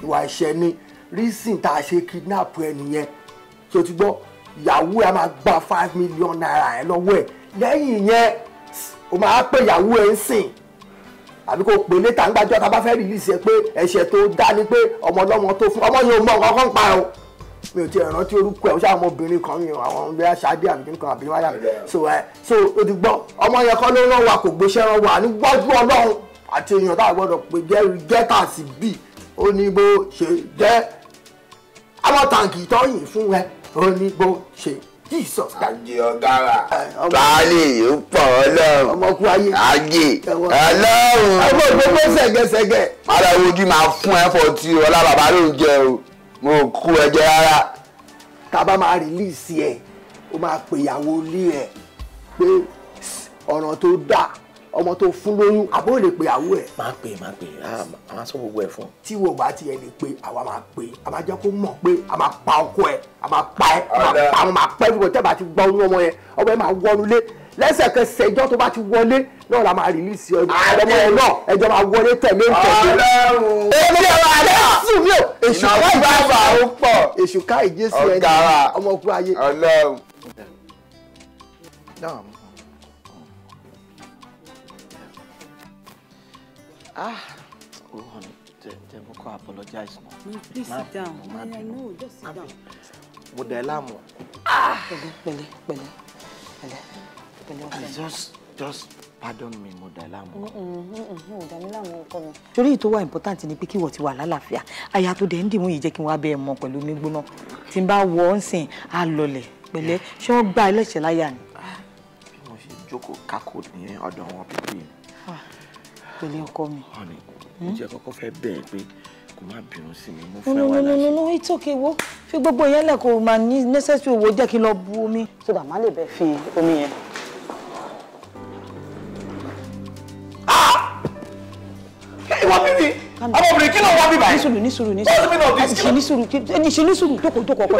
ìwà ìṣẹ́ ni rísìn tá a ṣe kidnap ẹnìyẹn tó ti gbọ́ ìyàwó ẹ máa gba five million naira ẹ lọ́wọ́ ẹ lẹ́yìn yẹn o máa pè ìyàwó ẹ ń sìn àbí kò pè létà ńgbàjọ́ tá a bá fẹ́ rìlíìsì ẹ pé ẹ̀ṣẹ̀ tó dá ni pé ọmọ ọlọ́mọ tó fún ọmọ yóò mọ nǹkan kan pa o mi ò tiẹ̀ rántí orúkọ ẹ̀ o ṣáà ọmọbìnrin kan mi àwọn bẹ́ẹ̀ ṣáàdé àbí nǹkan àbí wáyà so ẹ so o ti gbọ́ ọmọ yẹn kọ́ ló rán wa kò gbéṣẹ́ rán wa níwájú ọlọ́run àti èèyàn tá a gbọ́dọ̀ pé jẹ́ gẹ́tà sí bì ó ní bó ṣe jẹ́ àwọn tàǹkì tọ́yìn fún ẹ onígbò ṣe jesus ajé ọgára tani ìyókù ọlọ́run ọmọkú ayé ajé ọlọ́run ọmọ gbogbo sẹgẹsẹgẹ. ara ojú máa fún ẹ fọ tí ọlá bàbá ló ń jẹ o mo kú ẹ jẹ rárá. tá a bá máa rìlíìsì ẹ o máa pè ìyàwó ilé ẹ pé ọ̀ràn tó dáa ọmọ tó fún lóyún àbó lè pe àwọ ẹ. máa pe máa pe a máa sọ gbogbo ẹ fún. tí wo bá tiẹ̀ lè pe àwa máa pe a máa jẹ́ kó mọ̀ pé a máa pa ọkọ ẹ a máa pa ẹ a máa pa àwọn máa pẹ́ fún ọ tẹ́ bá ti gbọ́ ohun ọmọ yẹn ọmọ yẹn máa wọnú lé lẹ́sẹ̀kẹsẹ̀ ìjọ tó bá ti wọlé náà la máa rìlíìsì ọmọ ẹ náà ẹjọ máa wọlé tẹ̀lé tẹ̀lé. ọlọ́run èmi ọ̀rọ̀ alẹ́ sùn mí o èṣù ká ìjẹ́sì ẹni èṣù ká ìjẹ́sì ẹni ọmọkùnrin ayé. ọlọ́run. Ah, oh, honey, the, the Boko apologize now. No, please sit down. I know, just sit down. With the alarm. Ah! Pẹ̀lẹ́, pẹ̀lẹ́, pẹ̀lẹ́, pẹ̀lẹ́, pẹ̀lẹ́. Ah, just, just pardon me, mo da láàmú. Mm, mm, mm, mo da mi láàmú ọkọ mi. Torí important ni pé kí wọ́n ti wà lálàáfíà. Aya tó dẹ̀ ń dìmú yìí jẹ́ kí wọ́n á bẹ ẹ̀ mọ pẹ̀lú omi gbóná. Tí n bá wọ ọ́ ń sìn, á lọlẹ̀. Pẹ̀lẹ́, pẹ̀lẹ́ ọkọ mi. honey mo jẹ́ kọ́kọ́ fẹ́ bẹ́ẹ̀ pé kò má bínú sí mi mo fẹ́ wà láṣẹ. nínú it's okay wo fi gbogbo yẹn lẹ̀ kó o máa ní necessary owó jẹ́ kí n lọ bu omi. sọdà má lè bẹ́ẹ̀ fi omi yẹn. ìwọ ah! bíbí ọmọbìnrin kí ló wá bíbá yìí. nísùrù nísùrù nísùrù nísùrù ṣe nísùrù jókòó jókòó ọkọ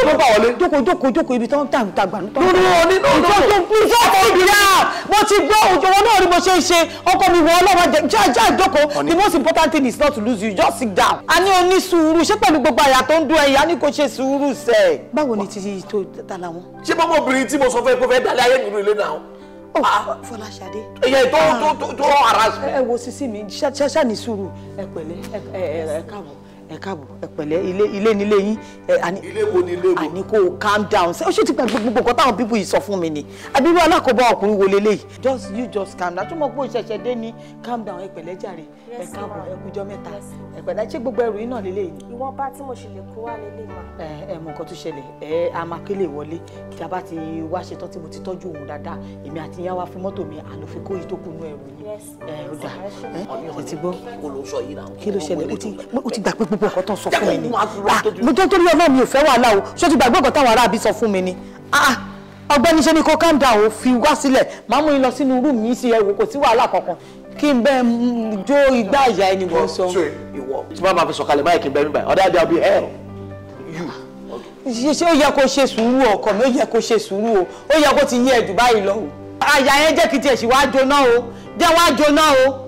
jókòó jókòó jókòó ibi tó ń tàn tàgbà ní. nínú oní nínú oní. ìjọ tó ń bú ìjọ ti bìrà mo ti gbọ́ òjò wọn náà ni mo ṣe ń ṣe ọkọ mi wọ́n ọlọ́wọ́ jẹ já já ìjókòó the most important thing is not to lose you just sit down. a ní onísùúrù ṣé pẹ̀lú gbogbo àyà tó ń dún ẹ̀yà ni kò ṣe sùúrù sẹ́ẹ̀. báwo ni títí tó tala wọn. ṣé bọ́mọbìnrin tí mo sọ fún ẹ pé fẹ́ dálé ayé nínú ilé náà Ah. Ah, Fọláṣadé. ẹyẹ ah. tó tó tó harass mi. ẹ wo sisi mi ṣáṣá ní sùúrù ẹ pẹ̀lẹ́ ẹ káàbọ̀ ẹ káàbọ̀ ẹ pẹ̀lẹ́ ilé ilé nílé yín. ilé wo ni ilé wo. àní kò calm down ṣé o ṣe ti gba gbogbo nǹkan táwọn bíbù yìí sọ fún mi ni abirú alákòóbá ọkùnrin wo leléyìí. just you just calm down tó mọ̀ pé ìṣẹ̀ṣẹ̀ dé ní calm down ẹ pẹ̀lẹ́ jàre ẹ káàbọ̀ ẹ kújọ́ mẹ́ta ẹ pẹ̀lẹ́ ṣé gbogbo ẹrù yín náà leléyìí. ìwọ̀n bá tí mo ṣe lè kó wá leléyìí ma. ẹ ẹ mọ nǹkan tó ṣẹlẹ̀ ẹ a máa kélé wọlé tí a bá ti wá ṣe tán tí mo ti tọ́jú òun dáadáa èmi àti yín á wá fi mọ́tò mi àlọ́ fi kó yìí tó kùnú ẹrù yín. ẹ ọ̀dà ẹ ti gbọ́ kí ló ṣẹlẹ̀ o ti gbà pé gbogbo gbogbo nǹkan tó ń sọ fún mi ni ah, mo tó torí ọlọ́run mi ò fẹ́ wàhálà o ṣé o ti gbàgbọ́ nǹkan táwọn aráàbí sọ fún mi ni ah, ah. ọgbẹ́ni ṣe ni kò calm down o fi wá sílẹ̀ máa mú yín lọ sínú rúùmù yín sí ẹ̀wò kò sí wàhálà kankan kí n bẹ́ẹ̀ mm, jó igbá ìyá ẹni wọ́n sọ. tí wọ́n máa fi sọ̀kalẹ̀ báyìí kí n bẹ́ẹ̀ mi báyìí ọ̀dà àdé ọbí ẹ̀ yù ṣé ó yẹ kó ṣe sùúrù ọkọ mi ó yẹ kó ṣe sùúrù o ó yẹ kó ti yí ẹjù báyìí lọ o àyà yẹn jẹ́ kí tiẹ̀ sì wá jóná o jẹ́ wá jóná o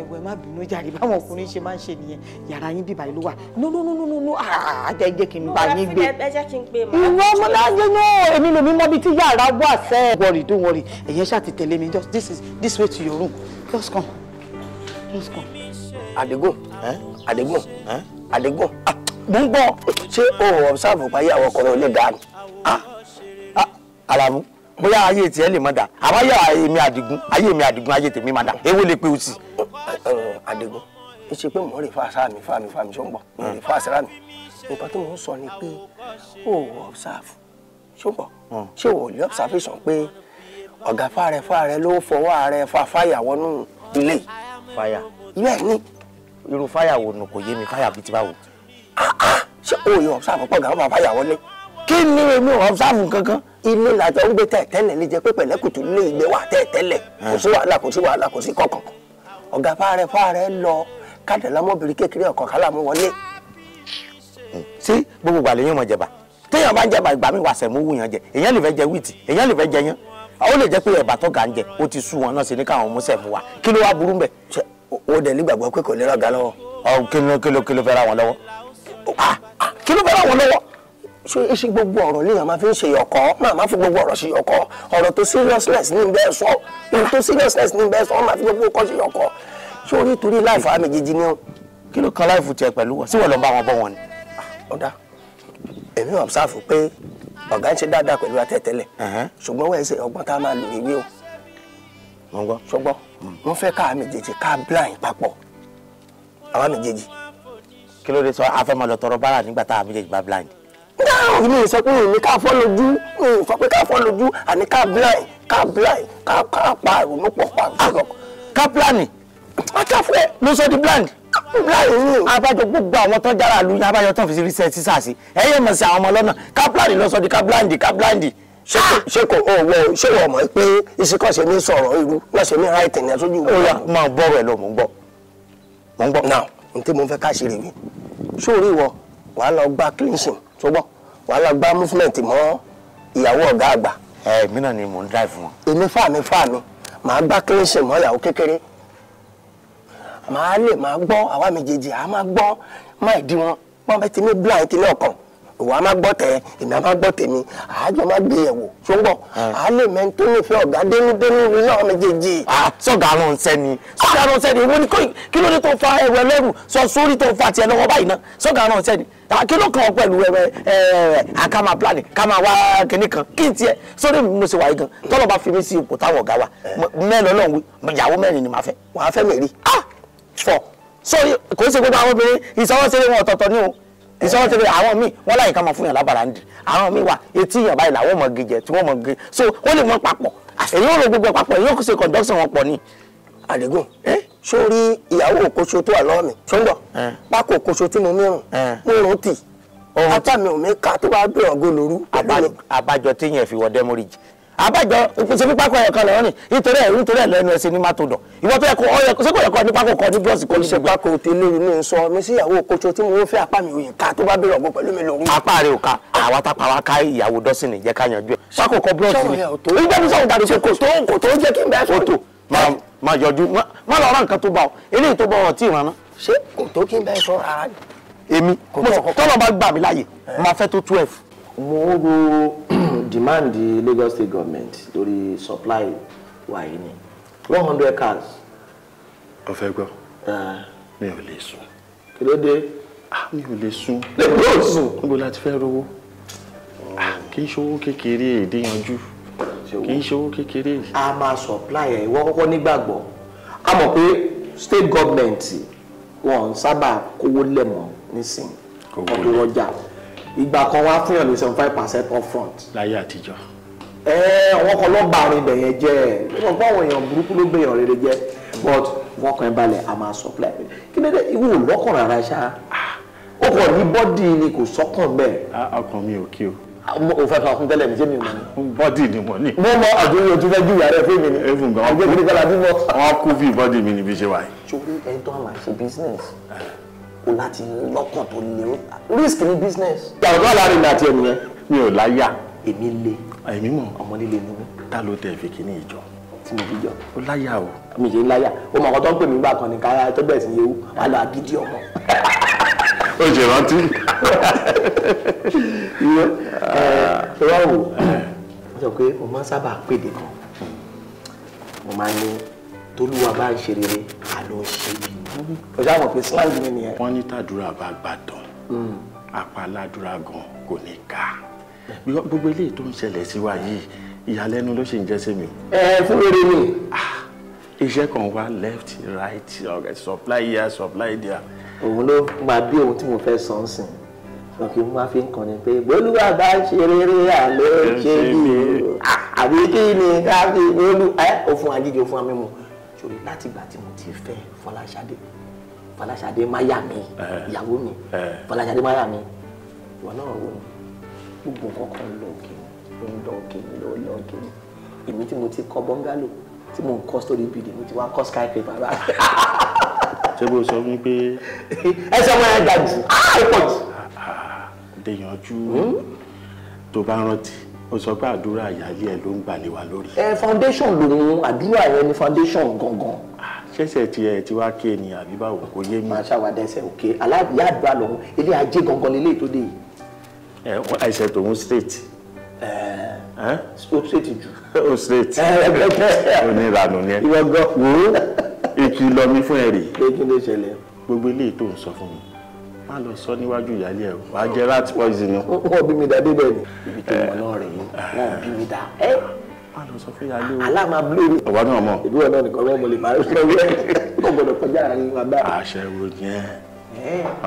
ẹ̀gbọ́n ẹ má bínú jàre báwọn ọkùnrin ṣe máa ń ṣe nìyẹn yàrá yín bíbá ìlú wa no no no no no no àjẹ ah, jẹ́ kí n bá yín gbé ìwọ ọmọ láyé náà èmi lèmi mọ ibi tí yàrá wà sẹ́. worry don't worry ẹ̀yẹ́ ṣáà ti tẹ̀lé mi just this is this way to your room just come just come. àdégùn àdégùn àdégùn ah, mo ń gbọ́ ṣé o ò observe pàyẹ́ àwọn ọkọ̀ rẹ̀ ò lè dáa ni ah, àlàmú bóyá ayé tiẹ̀ lè mọ̀ dà àmọ́ ayé èmi àdìgún ayé èmi àdìgún ayé tèmi má dà èwo lè pe òsì. àdìgún ìṣe pé mò ń rè fa sáà mi fa mi fa mi ṣó ń bọ̀ mò ń rè fa sáà mi nǹkan tí mò ń sọ ni pé ó wọ ọ̀bsáàfù ṣó ń bọ̀ hmm. ṣé wò lè ọ̀bsáfẹ́sàn pé ọ̀gá fáàrẹ̀ fáàrẹ̀ ló fọwọ́ ààrẹ fa fáyà wọnú ilé. fáyà bẹ́ẹ̀ ni. irú fáyà wo nù kò yé mi fáyà bíi ti báwo. Ah, ah, ṣé òòyì ọ̀bsáàfù pọ̀ gàmọ́ kí ni èmi ò ọ̀sáàfù kankan ilé làjọ ń gbé tẹ̀tẹ́lẹ̀ lè jẹ́ pé pẹ̀lẹ́kùtù lé ìgbé wà tẹ̀tẹ́lẹ̀ kò sí wàhálà kò sí wàhálà kò sí kọ̀kọ̀ ọ̀gá fáàrẹ fáàrẹ lọ kádàlámọ́bìnrin kékeré ọ̀kọ̀ kálámù wọlé. sí gbogbo ìgbà lèyàn mọ jẹba téèyàn bá ń jẹba ìgbà mi wà sẹ̀mú wù yàn jẹ èyàn lè fẹ́ jẹ wíìtì èyàn lè fẹ́ jẹ yán ó lè jẹ́ pé ẹ̀bà tó ga ń jẹ ó ti sú wọn náà sí ní káwọn mú sẹ̀mú wa kí ló wá burú mbẹ̀. o dẹ̀ nígbàgbọ́ pé kò lè ra wọn lọ́wọ́. kí ló fẹ́ ra wọn lọ́wọ́ ah, ah, ṣé ṣe gbogbo ọ̀rọ̀ lè máa fi ń ṣe yọ̀kọ́ máa máa fi gbogbo ọ̀rọ̀ ṣe yọ̀kọ́ ọ̀rọ̀ tó seriousness ní bẹ́ẹ̀ sọ ìlú tó seriousness ní bẹ́ẹ̀ sọ wọ́n máa fi gbogbo ọkọ̀ ṣe yọ̀kọ́ ṣé orí torí láìfọ àmì jíjí ni ó. kí ló kan láìfù tiẹ̀ pẹ̀lú wọn sí wọn lọ bá wọn bọ́ wọn ni. ọ̀dà ah, èmi wà sáfù pé ọ̀gá ń ṣe dáadáa pẹ̀lú àtẹ̀tẹ̀lẹ̀ ṣùgbọ́n wẹ́n ṣe ọgbọ́n tá a máa lò rèé o. ṣùgbọ́n wọ́n fẹ́ ká àmì jèjì ká blind papọ̀ àwa méjèèjì. kí ló dé sọ afẹ́mọ́ lọ tọrọ bára nígbà tá àmì jèjì bá blind dáhùn mi sọ pé èmi ká fọ́ lójú mi sọ pé ká fọ́ lójú àní ká blind ká blind ká ká pa ìrònú pọ̀ pa ìrònú. ká plan akáfẹ́ ló sọ di blind blind ni. abájọ gbogbo àwọn tó jára lu yín abájọ tó fi rí sẹ́ẹ̀ sísà sí ẹ yẹ mọ̀ sí àwọn ọmọ lọ́nà ká plan ló sọ di ká blind ká blind ṣé kò ó wọ ṣé wọ́n mọ̀ pé ìsìnkọ́ṣe ní sọ̀rọ̀ irú wọ́n ṣe ní ráìtì ní aṣojú ìwé. ó yà máa bọ̀rọ̀ ẹ̀ lọ mò ń gbọ́ mò ń gbọ́. now ntẹ́ mo fẹ́ ká ṣe rèé ṣóòrí wọ wàá lọ gba cleansing tó gbọ́ wàá lọ gba movement mọ́ ìyàwó ọ̀gá àgbà. ẹ mi náà ni mò ń drive wọn. èmi fàmì fàmì màá gba cleansing mọ́ ìyàwó kékeré màá lè màá gbọ́ àwa méjèèjì àá máa gbọ́ máa dì wọn wọn bẹ ti ní blind ní ọkàn òwò a máa gbọ́ tẹ èmi a máa gbọ́ tèmi àájọ máa gbé yẹ̀wò ṣùgbọ́n àá lè mẹ́ tó nífẹ̀ẹ́ ọ̀gá dénúdénú ní náà méjèèjì. sọ̀gá ló ń sẹ́ni sọ̀gá ló ń sẹ́ni ìwọ ni kí ló ní tó fa ẹ̀rọ ẹlẹ́rù sọ sórí tó fa tiẹ̀ lọ́wọ́ báyìí náà sọ̀gá ló ń sẹ́ni kí ló kàn ọ́ pẹ̀lú ẹ àkàmà plan ká máa wá kinní kan kí n tiẹ̀ sórí mi mo ṣe wáyé gan tọ́lọ́ bá fi mí sí ipò táwọn ọ̀gá wa mẹ́rin ọlọ́run wí ìyàwó mẹ́rin ni màá fẹ́ wàá fẹ́ mẹ́rin ah fọ sórí kò ń ṣe gbogbo àwọn obìnrin ìṣọwọ́sẹ̀rẹ̀ wọn ọ̀tọ̀ọ̀tọ̀ ni o ìṣọwọ́sẹ̀rẹ̀ àwọn míì wọ́n láyìí ká máa fún yàn lábàrá ń dì àwọn míì wà etí yàn báyìí làwọn mọ̀ gèjẹ̀ tí wọ́n mọ̀ gèjẹ̀ so ó lè mọ papọ̀ èyí ò rò gbogbo papọ̀ èyí ò kò ṣe conduction wọn pọ̀ ni. àdégùn sórí ìyàwó òkoṣo tó wà lọ́wọ́ mi ṣọ́ńdọ̀ pákó òkoṣo tí mo mírùn mo rún tì apá mi ò mí ka tó bá bẹ̀rẹ̀ ọgọ́ lóru. àbájọ tí yẹn fi wọ dẹ́mọ́rìjì àbájọ ìpèsè pípákọ̀ ẹ̀kan lẹ́wọ́n ni nítorí ẹ̀rú nítorí ẹ̀lọ́ ẹnu ẹ̀sìn ní má tó dọ̀ ìwọ tó ẹ̀kọ́ ọyọ sẹ́kọ̀ ẹ̀kọ́ ní pákó kọ́ ní bọ́ọ̀sì kọ́ ní gbogbo. pákó tẹ́lẹ̀ inú ń sọ mi sí ìyàwó òkoṣo tí mo fẹ́ apá mi ò ká tó bá bẹ̀rẹ̀ ọgbọ́n pẹ̀lú mi lòun. apá rẹ ò ká àwa tá pàwa ká ìyàwó dọ́sìn nìjẹ́ ká yanjú ẹ̀ pákó kọ búrọ́ọ̀sì ni. Ma yọjú má lọ ra nǹkan tó bá ọ eléyìí tó bá ọ tí ìrànà. ṣé kò tó kí n bẹ sọ rárá ni. èmi tọ́lọ̀ bá gbà mí láàyè eh. máa fẹ́ tó twelve. mo ń ro *clears throat* demand the Lagos State government lórí supply wa yìí ni one hundred cars. ọ̀fẹ́ gbọ́ eh. mi ò lè sùn. kí ló dé. Ah, mi ò lè sùn. lè lóòsùn. níbo la ti fẹ́ rówó ah, kì í ṣòwò kékeré èdè yanjú kì í ṣe owó kékeré. a máa supply ẹ̀ ìwọ kọ́kọ́ nígbàgbọ́ a mọ̀ pé state government wọn sábà kówó lẹ̀ mọ́ nísìn wọn tó rọjà ìgbà kan wá fún yàn ní seventy five percent up front. láyé àtijọ́. ẹ wọn kan lọ bá àrin ibẹ̀ yẹn jẹ́ ẹ wọn gbọ́ àwọn èèyàn burúkú ló gbé èèyàn rere jẹ́ but wọn kàn balẹ̀ a máa supply kí ló dé ìwọ ò rárá ṣá ah. ó ní bọ́dì ni kò sọ́kàn bẹ́ẹ̀. Ah, ọkàn mi ò kí o o fẹ́ kan fún tẹ́lẹ̀ níṣẹ́ mi mọ̀ ni. bọ́dì ni mo ní. mo mọ àdúrà ojú fẹ́ júwèé ààrẹ fún mi ni. ẹfun gan ọgbẹ́ kiri kọ́lá bímọ. àwọn kú fi bọ́dì mi níbi ṣe wáyé. sórí ẹni tó àmà ṣe business kò láti lọ́kàn tó O risk ni business. yàrá láàrin mi àti ẹ̀mí yẹn. mi ò láyà. èmi le. èmi mọ̀. ọmọ líle ni mí. ta ló tẹ ìfikì ní ìjọ tí mo fi jọ. ó láyà o. mi ṣe ń láyà ó mọ̀ ọ́ tó ń pè mí gbà kan ní káyà tó bẹ̀ sí ewu àlọ́ àgídí *laughs* o ṣe rántí. ìwọ wò ó sọ pé mo máa ń sábà pèdè kan mo máa ń ní tolúwa bá ń ṣe rere àlọ́ ṣe bí ọjà mọ̀ pé slang mi nìyẹn. wọ́n ní tàdúrà bá gbà tán hmm. apá aládùúrà gan kò ní ká gbogbo eléyìí tó ń ṣẹlẹ̀ sí wa yìí ìyàlẹ́nu ló ṣe ń jẹ́ sí mi. ẹ fún rere mi. Ah, iṣẹ́ kan wá left right supply here supply there òun ló máa bí ohun tí mo fẹ́ sọ ń sìn ọkì mo máa fi ń kàn pé bólúwà bá ṣe rere àlọ́ ṣe bí àbí kí ni ká fi bólú ẹ òfun àjíjẹ òfun amímu sórí láti ìgbà tí mo ti fẹ́ Fọláṣadé Fọláṣadé máyà mi ìyàwó mi Fọláṣadé máyà mi ìwọ náà wò ó gbogbo nǹkan lọ òkè ló ń lọ òkè ló ń lọ òkè èmi tí mo ti kọ́ bọ́ngálò tí mo ń kọ́ sórí ibìdí mo ti wá kọ́ skyscraper báyìí. *laughs* ṣé bó sọ wípé. ẹ ṣe wọn ẹ gbà jù á pọ̀ jù. dèyànjú tó bá rántí o sọ pé àdúrà ìyáálé ẹ ló ń gbàlè wa lórí. ẹ foundation lòun àdúrà rẹ ni foundation gangan. Ah, ṣẹ̀ṣẹ̀ tí ẹ ti wá kí ènìyàn àbí báwo kò yé mi. máa ṣàwádà ẹsẹ̀ òkè aláàbí àdúrà lòun ilé ajé gangan lélẹ̀ tó dé yìí. ẹ àìsàn tòun straight. ẹ ó straight jù. *laughs* ó straight. ó ní ìlànà yẹn. ìwọ gan ìkìlọ̀ mi fún ẹ̀rì. pé kí ló ṣẹlẹ̀. gbogbo eléyìí tó ń sọ fún mi má lọ sọ níwájú ìyáálé ẹ o wàá jẹ rat poison o. wọn bí mi dá débẹ̀ ni. ibi tó mọ̀ náà rèé wọn bí mi dá. má lọ sọ fún ìyáálé o. aláàmà blue mi. ọ̀wá náà mọ̀. ìdúró náà nìkan wọ́n mo lè máa ń sọ wẹ́ẹ́ kó gbọdọ̀ kọjá àárín wa bá. aṣẹ́wó yẹn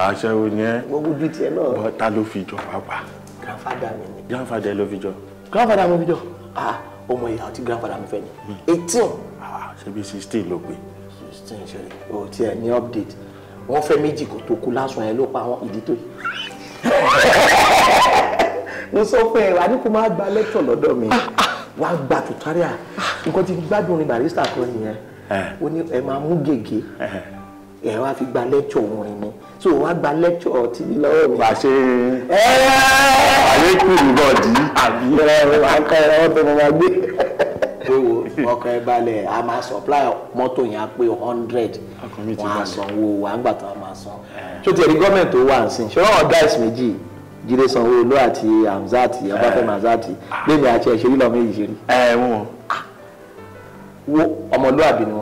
aṣẹ́wó yẹn. gbogbo ju tiẹ̀ náà. bọ́tà ló fi jọ pàápàá. grandfather mi ni. grandfather ló fi jọ. grandfather mi fi jọ. ah ọmọ ìyá àti grandfather mi fẹ́ ni. Hmm. eighteen. ah ṣe bí sixteen ló pè é tí ń ṣẹlẹ̀ o ti ẹ̀ ní update wọ́n fẹ́ méjì kó tó kú lásán ẹ ló pa àwọn ìdí tó yìí. *laughs* mo sọ fún ẹ wà ní kó máa gba lecture lọ́dọ̀ mi wàá gba tutorial nǹkan tí gbádùn ni barista kan nìyẹn eh. ó ní ẹ máa mú gègé eh. ẹ wá fi gba lecture orin ni so wàá gba lecture ti ní lọ́wọ́ mi. wàá ṣe eh. àlékún ìbọ̀dí. àbí ẹ wàá kọ́ ẹ ọ́ tó máa gbé. ẹ wò ó ọkọ̀ ẹ̀ balẹ̀ a máa supply mọ́tò yẹn á pé hundred wọn á sanwó wa ńgbà tó a máa san tó tiẹ̀ ní gọ́ọ̀mẹ̀ntì tó wà ń sìn ṣọ́nà ọ̀gá ẹ̀sìn méjì Jídé Sanwó-Olú àti Hamzat Ọbáfẹ́mi eh. Hamzat lèmi ah. àti ẹ̀ṣẹ̀rí lọ méjì ṣe rí. Eh, ẹ wọn. Ah. wo ọmọlúwàbí ni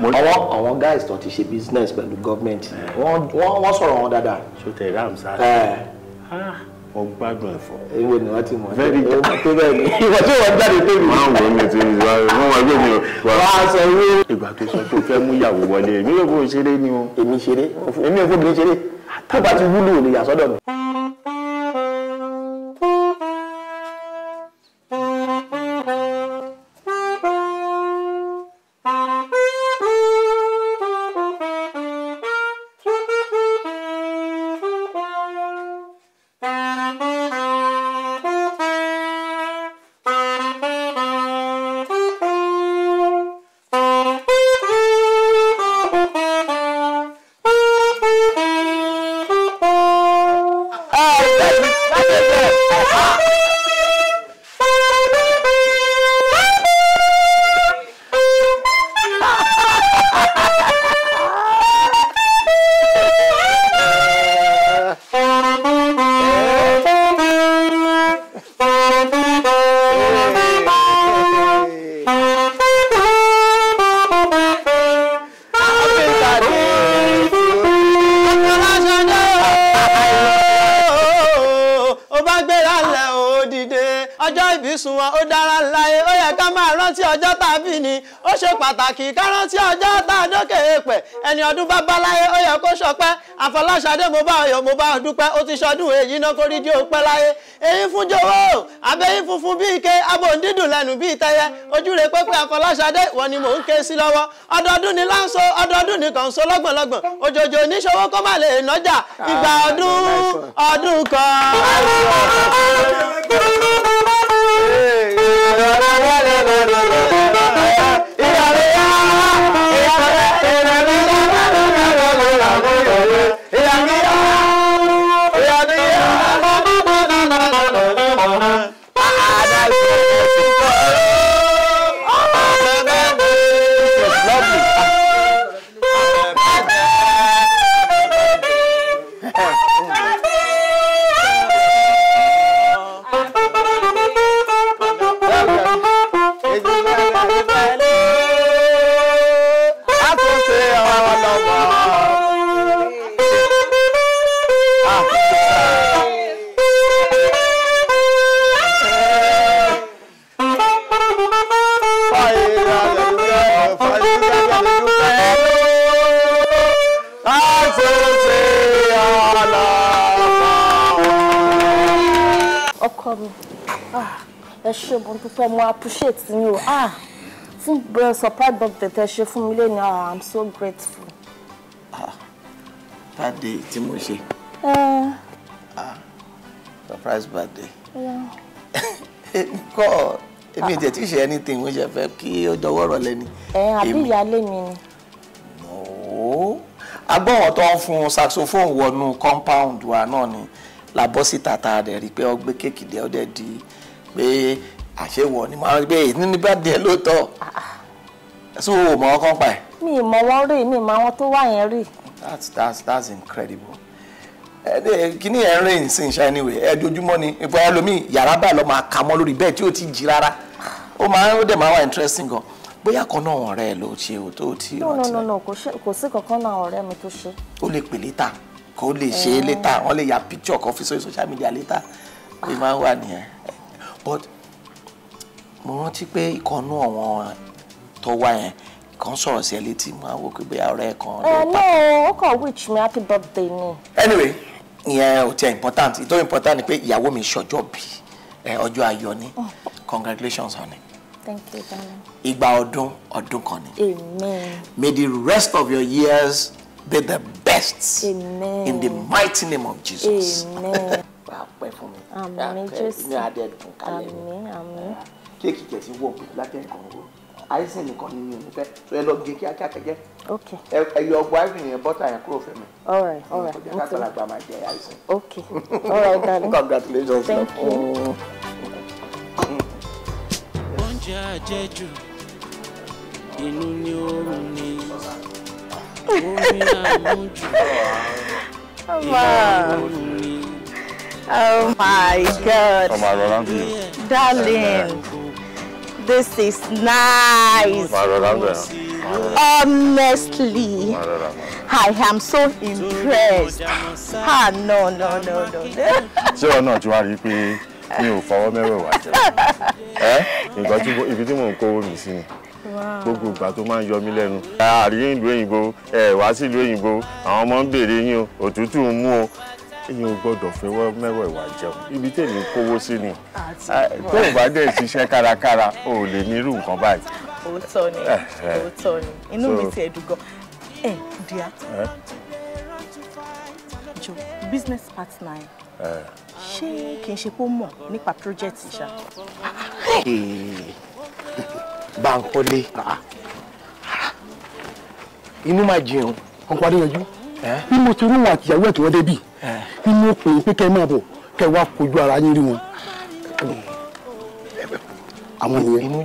wọn àwọn àwọn guys tó ti ṣe business pẹ̀lú gọ́ọ̀mẹ̀ntì eh. wọ́n sọ̀rọ̀ wọn dáadáa. sotẹ̀ Hamzat. Ah mo gbádùn ẹ̀fọ́. ni wọ́n ti mọ̀ very good ọmọ tó bẹ́ẹ̀ ni ìwọ tí wọ́n jáde tó mi. máa ń wọ mi ti wá wọ́n wá gbé mi o. wà sọ wí. ìgbà tó sọ pé fẹ́ mú ìyàwó wọlé èmi yóò fún òṣèré ni o. èmi ṣeré èmi ò fún mi ṣeré tó bá ti wúlò lè yà mi. pàtàkì kárántí ọjọ́ tá dókè èèpẹ̀ ẹni ọdún bá báláyé ó yẹ kó ṣọpẹ́ àfọláṣadé mo bá ọyọ mo bá ọ ó ti ṣọdún èyí náà kó rí di òpẹ́ láyé eyín fún jọ̀wọ́ abẹ́yín funfun bíi ike abo ń dídùn lẹ́nu bíi tẹyẹ ojú rẹ pépé àfọláṣadé wọn ni mò ń ké sí lọ́wọ́ ọdọọdún ni láǹso ọdọọdún ni kàn so lọ́gbọ̀nlọ́gbọ̀n òjòjò oníṣòwò kó má lè nọ́jà ìgbà ọdún ẹ ṣe mo dúpẹ́ mo appreciate yín o ah fún bẹ́ẹ̀ support doctor tẹ ṣe fún mi lẹ́nu ah i'm so grateful. Ah, birthday tí mo ṣe. ah surprise birthday. *laughs* kọ́ èmi ìtẹ̀ tí ì ṣe anything mo ṣe fẹ́ kí ó dọwọ́ rọ̀ lẹ́ni. ẹ àbí ìyáálé mi ni. no agbóhùn tó ń fún saxophone wọnú compound wa náà ni la bọ́ síta tá a dẹ̀ rí i pé ó gbé kéèkì dé ó dẹ̀ di pé àṣewọ̀ ni màá pé èyí ní bá díẹ̀ lóòótọ́ so o mọ ọkàn pa ẹ. mi ì mọ wọn rí mi ì mọ àwọn tó wà yẹn rí. that's that's that's incredible kíní ẹ̀ ń rìn sí ìṣá anyway ẹ̀ẹ́dójúmọ́ ni ìfọyà lomi yàrá báyìí lọ́ máa kà mọ́ lórí bẹ́ẹ̀ tí ò ti jí rárá ó máa ó dẹ̀ máa wà interesting gan bóyá kan náà ọ̀rẹ́ ẹ̀ ló ṣe ò tó ti rántí. no no no kò sí kankan náà ọ̀rẹ́ mi tó ṣe. ó lè pè létà kó lè ṣe é eh. wọ́n lè ya picture kan fi sórí social media létà ó máa wà nìyẹn but mo rántí pé ìkànnú àwọn tó wá yẹn kan sọ̀rọ̀ sí ẹ létí mo á wò pé bóyá ọ̀rẹ́ kan ló pa. no ó kàn wish happy birthday ni. anyway ìyẹn ò tiẹ̀ important ìtọ́ important ni pé ìyàwó mi ṣọjọ́ bí ọjọ́ ayọ̀ ni congratulations honey. thank you darling. ìgbà ọdún ọdún kan ni. amen. may the rest of your years be the best. amen. in the mighty name of Jesus. amen àmín jésù amen. àmín. kéèkì kẹsì wọ òkè látẹ̀ nǹkan àìsàn nìkan ni mi ò fẹ́ tó ẹ lọ gé kíákíá kẹjẹ ẹ yọ ọgbọ àìsàn yẹn bọ́tà yẹn kúrò fún mi. all right all right ọjọ́ kásán àgbà máa jẹ àìsàn. okay all right congratulations thank you. Mm-hmm. inú ni oorun ni omi àmújù ìyá oorun. Oh my God. Ọmọ àrọ̀lá ń bí o. Darling, this is nice. Ọmọ àrọ̀lá Honestly, I am so impressed. Ah, no, no, no, no. Ṣé ọ náà ti wá rí i pé mi ò fọwọ́ mẹ́wẹ̀ẹ̀wá jẹ? Ẹ́ nǹkan tí ibi tí mò ń kówó mi sí ni gbogbo ìgbà tó máa ń yọ mí lẹ́nu. àárín ìlú òyìnbó ẹ wá sí ìlú òyìnbó àwọn ọmọ ń béèrè yín o òtútù ń o èyí ò gbọ́dọ̀ fi wọ́n mẹ́rọ ìwà jẹun ibi tèmi kówó sí ni ah, tó o bá dẹ̀ ṣiṣẹ́ kárakára o ò lè nírú nǹkan báyìí. òótọ́ ni eh, eh. òótọ́ ni inú mi ti ẹ̀dùn gan ẹ̀ díà jọ business partner ẹ̀ eh. ṣé kì í ṣe pé ó mọ̀ nípa project ṣá. Bánkọ́lé ah, ah. inú máa jẹun ọkọ̀ adéyanjú bí mo ti rún wọn àtìyàwó ẹ̀ débì ni mo pè é pé kẹ́ ẹ máa bọ̀ kẹ́ ẹ wá kojú ara yín rí wọn. àwọn nìyẹn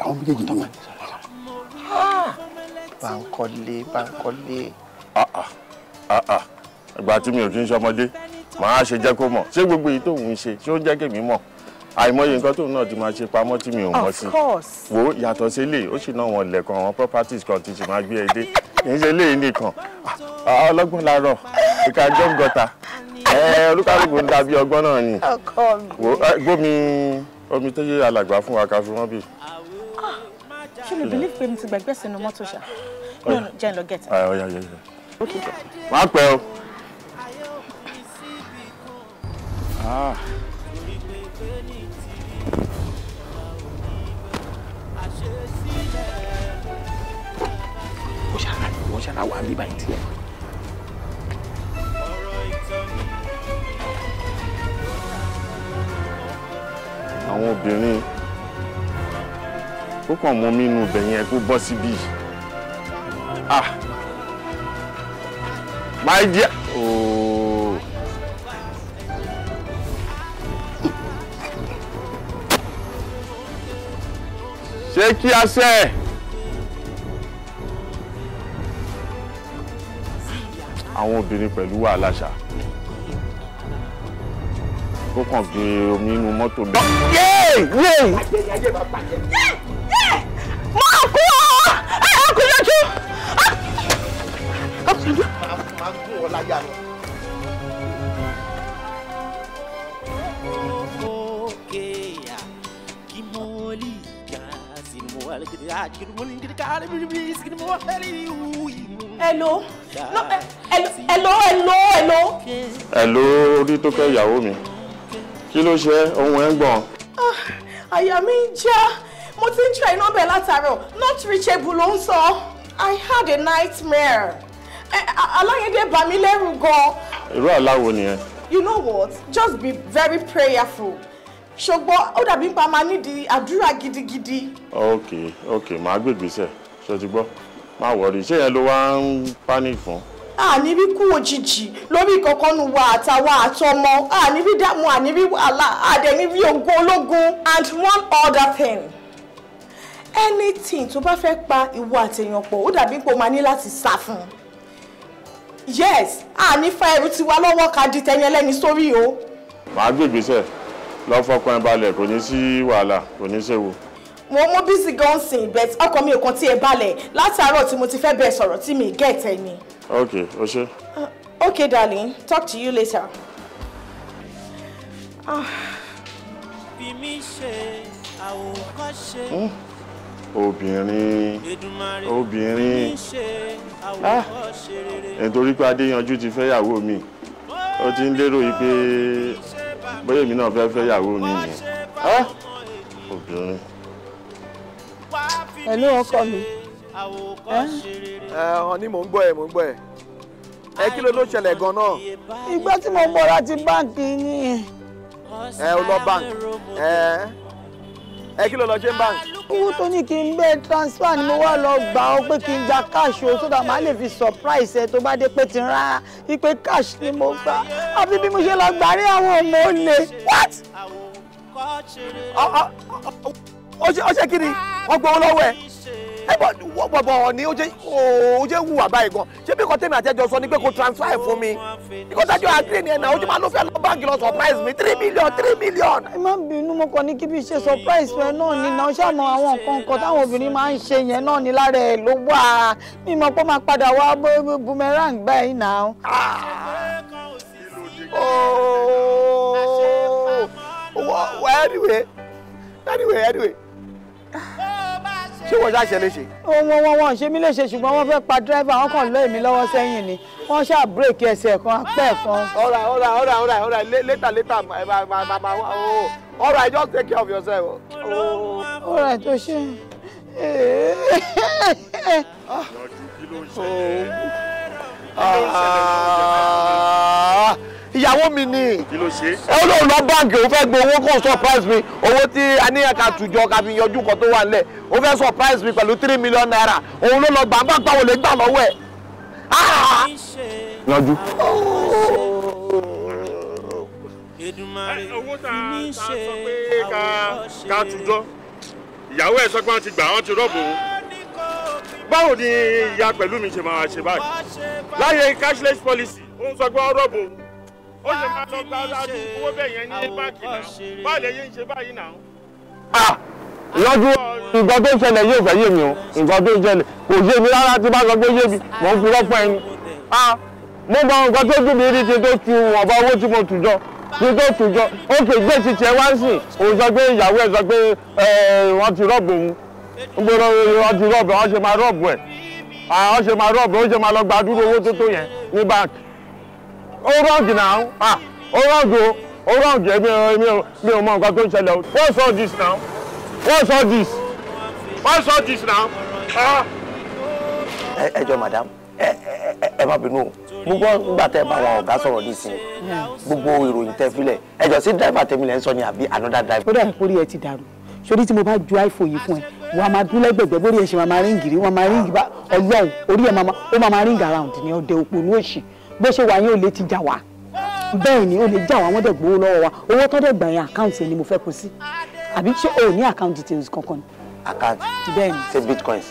àwọn méjèèjì nìyẹn. Bánkọ́lé Bánkọ́lé. Ah, ah, ah, ìgbà tí mi ò ti ń ṣọmọdé màá ṣe jẹ́ kó mọ̀ ṣé gbogbo èyí tó ń ṣe ṣé ó ń jẹ́ kémi mọ̀ àìmọye nǹkan tóun náà ti máa ṣe pamọ́ tí mi ò mọ̀ sí wo yàtọ̀ sí ilé ó sì náà wọn lẹ̀kan àwọn properties kan ti sì máa gbé ẹ dé kì í ṣe ilé nìkan ọlọ́gbọ́n làárọ̀ ìka jọ́m gọ́ta olúkálùkù ń dàbí ọgbọ́n náà ni wo gbómi omi tó yé alàgbà fún wa ká fi wọ́n bì. Ah, ṣé lè believe pé mo ti gbàgbé sínú mọ́tò ṣá jẹ́ ń lọ gẹ̀ẹ́tì. máa pẹ́ o. Ah. padà wá bí báyìí tiẹ̀. àwọn obìnrin ó kàn mọ mínú ibẹ̀ yẹn kó bọ́ síbí ah my dear ooo. Oh. ṣé kí a ṣe é. àwọn obìnrin pẹ̀lú wàhálà ṣá ó kàn gbé omi inú mọ́tò mi. yéè yéè. mo kú ọ ẹ ẹ kú lójú. Hello. No, eh, Hello, hello, hello. Hello, orí tó kẹ́ ìyàwó mi. Kí ló ṣe ohun ẹ̀ ń gbọ̀n? Ah, àyà mi ń já. Mo ti ń try nọ́mbẹ̀ látàárọ̀. Not reachable ló ń sọ. I had a nightmare. Eh, Aláyẹ̀dẹ̀ bà mí lẹ́rù gan. Irú aláwo nìyẹn. You know what? Just be very prayerful ṣùgbọ́n ó dàbí pa máa nídìí àdúrà gidigidi. ok ok màá gbègbèsè ṣe ti gbọ́ máa wọrí ṣé yẹn ló wá ń panic fún àní rí kú òjijì lórí ìkọ̀kọ́nu wa àtàwa àtọmọ àní rí dààmú àní rí wàhálà àdẹ̀ní rí ogun ológun and one other thing anything tó bá fẹ́ pa ìwọ àtẹ̀yàn pọ̀ ó dàbí pé o máa ní láti sá fún un yes àní fa ẹrù tiwa lọ́wọ́ ká di tẹ̀yìn ẹlẹ́ni sórí o. màá gbé ìgbésẹ̀ lọ fọkàn ẹ balẹ̀ kò ní sí wàhálà kò ní séwu mo mú bísí gan sìn bẹ́ẹ̀ ọkọ mi ò kàn tiẹ̀ balẹ̀ látàárọ̀ tí mo ti fẹ́ bẹ́ẹ̀ sọ̀rọ̀ tí mi gẹ̀ẹ́tẹ̀ ni. Okay, Oshe. Uh, okay, darling. Talk to you later. Oh. Obìnrin. Obìnrin. Ah. Nítorí pé Adéyanjú ti fẹ́ yàwó mi. Ó ti ń lérò yìí pé bóyá èmi náà fẹ́ fẹ́ yàwó mi ah! nìyẹn. Obìnrin. Hello, ọkọ mi ẹ ọ̀hún ni mò ń gbọ́ ẹ mò ń gbọ́ ẹ ẹ kí ló ló ṣẹlẹ̀ gan-an. ìgbà tí mo bọ̀ láti báǹkì ni. ẹ o lọ báǹkì ẹ ẹ kí ló lọ ṣe báǹkì. owó tó ní kí n gbé transfer ni mo wá lọ gbà ọ pé kí n gba cash o sódà máa lè fi surprise ẹ tó bá dé pé ti rán ipe cash ni mo gbà àfi bí mo ṣe lọ gbà rí àwọn ọmọ olè what. ó ṣe kí ni wọ́n lọ́wọ́ ẹ ẹ bọ wọ bọbọ ni o jẹ o jẹ wu àbá yìí gan ṣé bí kò tèmi àtẹjọ sọ ni pé kò transfer ẹ fún mi because àjọ agree ni ẹ náà ojú máa ló fẹ́ lọ báńkì lọ surprise mi three million three million. ẹ má bínú mo kàn ní kí bí ṣe surprise rẹ náà ni náà ṣàmọ àwọn nǹkan nǹkan táwọn obìnrin máa ń ṣe yẹn náà ni lára ẹ ló wà mí mọ pé ó máa padà wá boomerang báyìí náà. Ah! ooo oh! anyway anyway anyway ṣé wọ́n ṣàṣẹ léṣe. wọ́n wọ́n wọ́n ṣe mí léṣe ṣùgbọ́n wọ́n fẹ́ pa dírẹ́fà wọn kàn lé èmi lọ́wọ́ sẹ́yìn ni wọ́n ṣáà bírèkì ẹsẹ̀ kan apẹ́ kan. ọ̀rà ọ̀rà ọ̀rà ọ̀rà ọ̀rà later later màmá o ọ̀rà just take care of yourself. ọ̀rà tó ṣe. Ah, ìyàwó mi ni ẹ ló lọ báǹkì ó fẹ́ gbé owó kó surprise mi owó tí aníyàn ká tùjọ ká fi yanjú kan tó wà nílẹ̀ ó fẹ́ surprise mi pẹ̀lú three million naira òun ló lọ gbà bá gbà wọlé gbà lọ́wọ́ ẹ̀ ah! yanjú. owó tá a sọ pé ká tùjọ ìyàwó ẹ̀ sọ pé wọ́n ti gbà wọ́n ti rọ́ọ̀bù òun báwo ni ìyá pẹ̀lú mi ṣe máa ṣe báyìí láyé cashless policy ó ń sọ pé ọ̀rọ̀ bò ó ṣe máa lọ gba aládùn owó bẹ́ẹ̀ yẹn ní báńkì náà báwo lè yẹn ń ṣe báyìí náà. lọ́dún nǹkan tó ń ṣẹlẹ̀ yóò fẹ́ yé mi o nǹkan tó ń ṣẹlẹ̀ kò yé mi rárá tí bá sọ pé yé mi mò ń purọ́ fún ẹni. mo mọ nǹkan tó dùn mí rí kí n tó tu ọ̀bọ owó tí mo tù jọ kí n tó tù jọ ó kè gbé ti tiẹ̀ wá sí òun sọ pé ìyàwó ẹ̀ sọ pé wọ́n ti rọ́ọ̀bù òun gbọ́dọ̀ ọdún rọ́ọ̀bù ọ̀ ṣe máa rọ́ọ̀bù ẹ̀ ọ̀ ṣe máa rọ́ọ̀bù ó ṣe máa lọ gba dúró owó tó tó yẹn ní báńkì ó rọ́ọ̀gì náà ó rọ́ọ̀gì ó rọ́ọ̀gì èmi mi ò mọ nǹkan tó ń ṣẹlẹ̀ o what's all this now what's all this what's all this now. ẹ jọ madam ẹ má bínú o mo gbọ́ nígbà tẹ́ bá àwọn ọ̀gá sọ̀rọ̀ nísìnyí gbogbo ìròyìn tẹ́ filẹ̀ ẹ jọ sí driver tèmi lẹ́ ń sọ ni àbí another driver. ó dàbí kórìí ẹ ti dàrú sórí tí mo bá ju iPhone yìí fún ẹ wàá máa dún lẹ́gbẹ̀gbẹ́ bórí ẹ̀ṣin wàá máa ríǹgì rí wàá máa ríǹgì bá ọlọ́run orí ẹ̀ ó máa máa ríǹgì around ní ọdẹ òpònú òṣì bó ṣe wà yín ò lè ti jà wá bẹ́ẹ̀ ni ó lè jà wá wọ́n dẹ̀ gbowó lọ́wọ́ wa owó tó dẹ̀ gbà yẹn àkáǹtì ni mo fẹ́ kó sí àbí ṣé o ní account details kankan. account bẹ́ẹ̀ ni ṣe bitcoins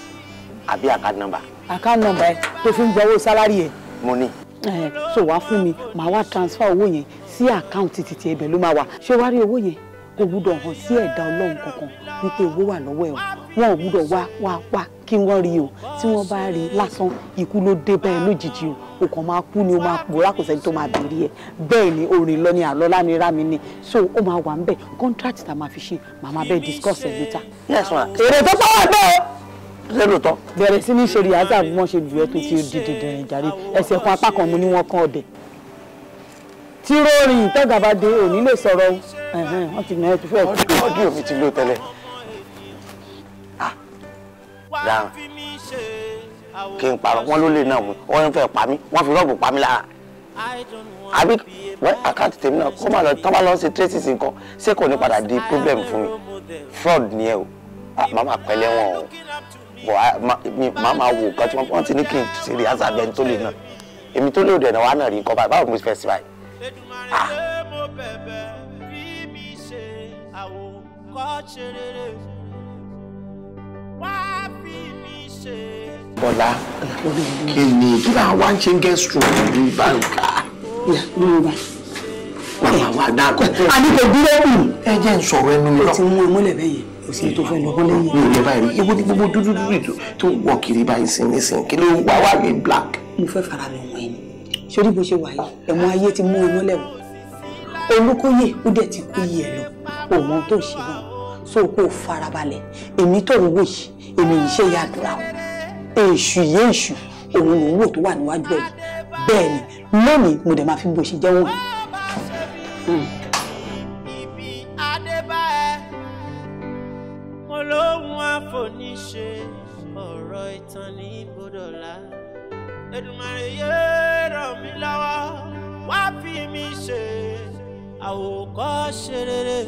àbí account number. account number ẹ tó fi ń gba owó sálárì ẹ. mo ní. ẹ so wàá fún mi màá wá transfer owó yẹn sí àkáǹtì títí ẹbẹ ló máa wà ṣé wàá rí owó yẹn kò gbúdọ̀ hàn sí ẹ̀dá ọlọ́run kankan wípé owó wà lọ́wọ́ ẹ̀ o wọn ò gbúdọ̀ wá wá wá kí wọ́n rí o tí wọ́n bá rí lásán ikú ló dé báyìí lójijì o o kàn máa kú ni o máa pòórá kò sẹ́ni tó máa bèrè ẹ̀ bẹ́ẹ̀ ni orin lọ ni àlọ́ lánira mi ni so ó máa wà ń contract tá a máa fi ṣe màmá bẹ́ẹ̀ discuss ẹ̀ later. yes ma èrè tó pọ̀ wà bẹ́ẹ̀ ṣé lóòótọ́. bẹ̀rẹ̀ sí ní ṣe rìhásà bí wọ́n ṣe lù ẹ́ tó ti di dandan ìjàre ẹsẹ̀ kan apá kan mo ní wọ́n kán ọ̀dẹ̀ tí rọrin tọ́gà bá dé òní lè sọ̀rọ̀ wọ́n ti nà ẹ́ tó fẹ́. ọ́díò mi ti lò tẹ́lẹ̀. Ah. dáhùn kí n parọ́ wọ́n ló lè náà mú wọ́n fẹ́ pa mí wọ́n fi rọ́ọ̀bù pa mí lára àbí àkáǹtì tèmi náà kó má lọ tán bá lọ ṣe traces nǹkan ṣé kò ní padà di problem fún mi fraud ni ẹ o màmá pẹ̀lẹ́ wọn o bọ̀ màmá wo nǹkan tí wọ́n ti ní kí n ṣe rí àṣà bẹ́ẹ̀ tó lè náà èmi tó lè dẹ̀nà wa náà rí nǹkan báyìí báwo mo fẹ́ sí báyìí. Èdùmàrè yé mo bẹ̀bẹ̀ bí mi ṣe àwòkọ́ṣe rere wá bí mi ṣe. Bọ́lá kí ni kí ni àwa ń ṣe ń gẹ́ stroke ní báńkà? Bàbá wa dá kọ́. A ní kò dúró kù. Ẹ jẹ́ ń sọ̀rọ̀ ẹnu lọ. Ẹ ti mú ìmúlẹ̀ bẹ́yẹn òsì tó fẹ́ lọ́wọ́ lẹ́yìn. mi ò lè báyìí ewu ní gbogbo dúdú dúdú tó ń wọ kiri báyìí sin nísìn kí ló wá wá ní black. mo fẹ́ fara mi sórí bó ṣe wà yìí ẹ̀wọ̀n ayé ti mú ọmọ lẹ́wọ̀n olùkóyè ó dẹ̀ ti kú yìí ẹ̀ lọ òun tó ṣe náà so kó o farabalẹ̀ èmi tó ń wò yìí èmi yìí ṣe o èṣù yé èṣù òun ló ń wò tó wà níwájú ẹ̀ bẹ́ẹ̀ ni lónìí mo dẹ̀ máa fi bó ṣe jẹ́ wọ̀nyí. Hmm. ibi adébáyé mo lóhun àfọ̀níṣe ọ̀rọ̀ ìtàn ní gbọdọ̀ láàrín. Èdùmàrè yé ràn mí lọ́wọ́ wá fi mi ṣe àwòkọ́ṣe rere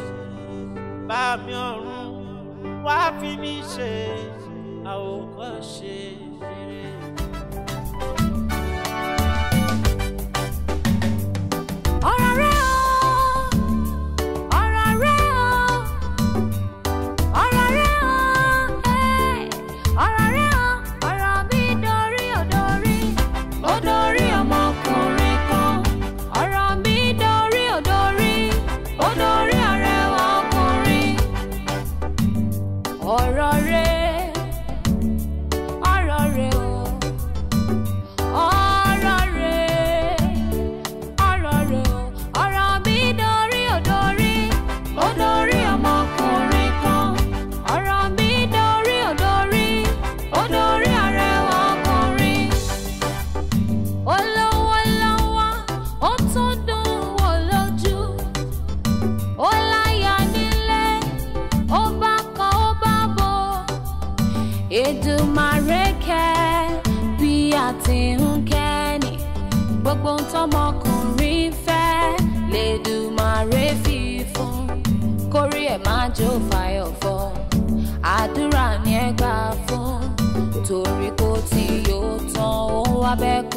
bá mi ọ̀run wá fi mi ṣe àwòkọ́ṣe rere. jó fàyọ̀ fún àdúrà ni ẹ gbà fún torí kò tí yóò tán òun wá bẹ́ẹ̀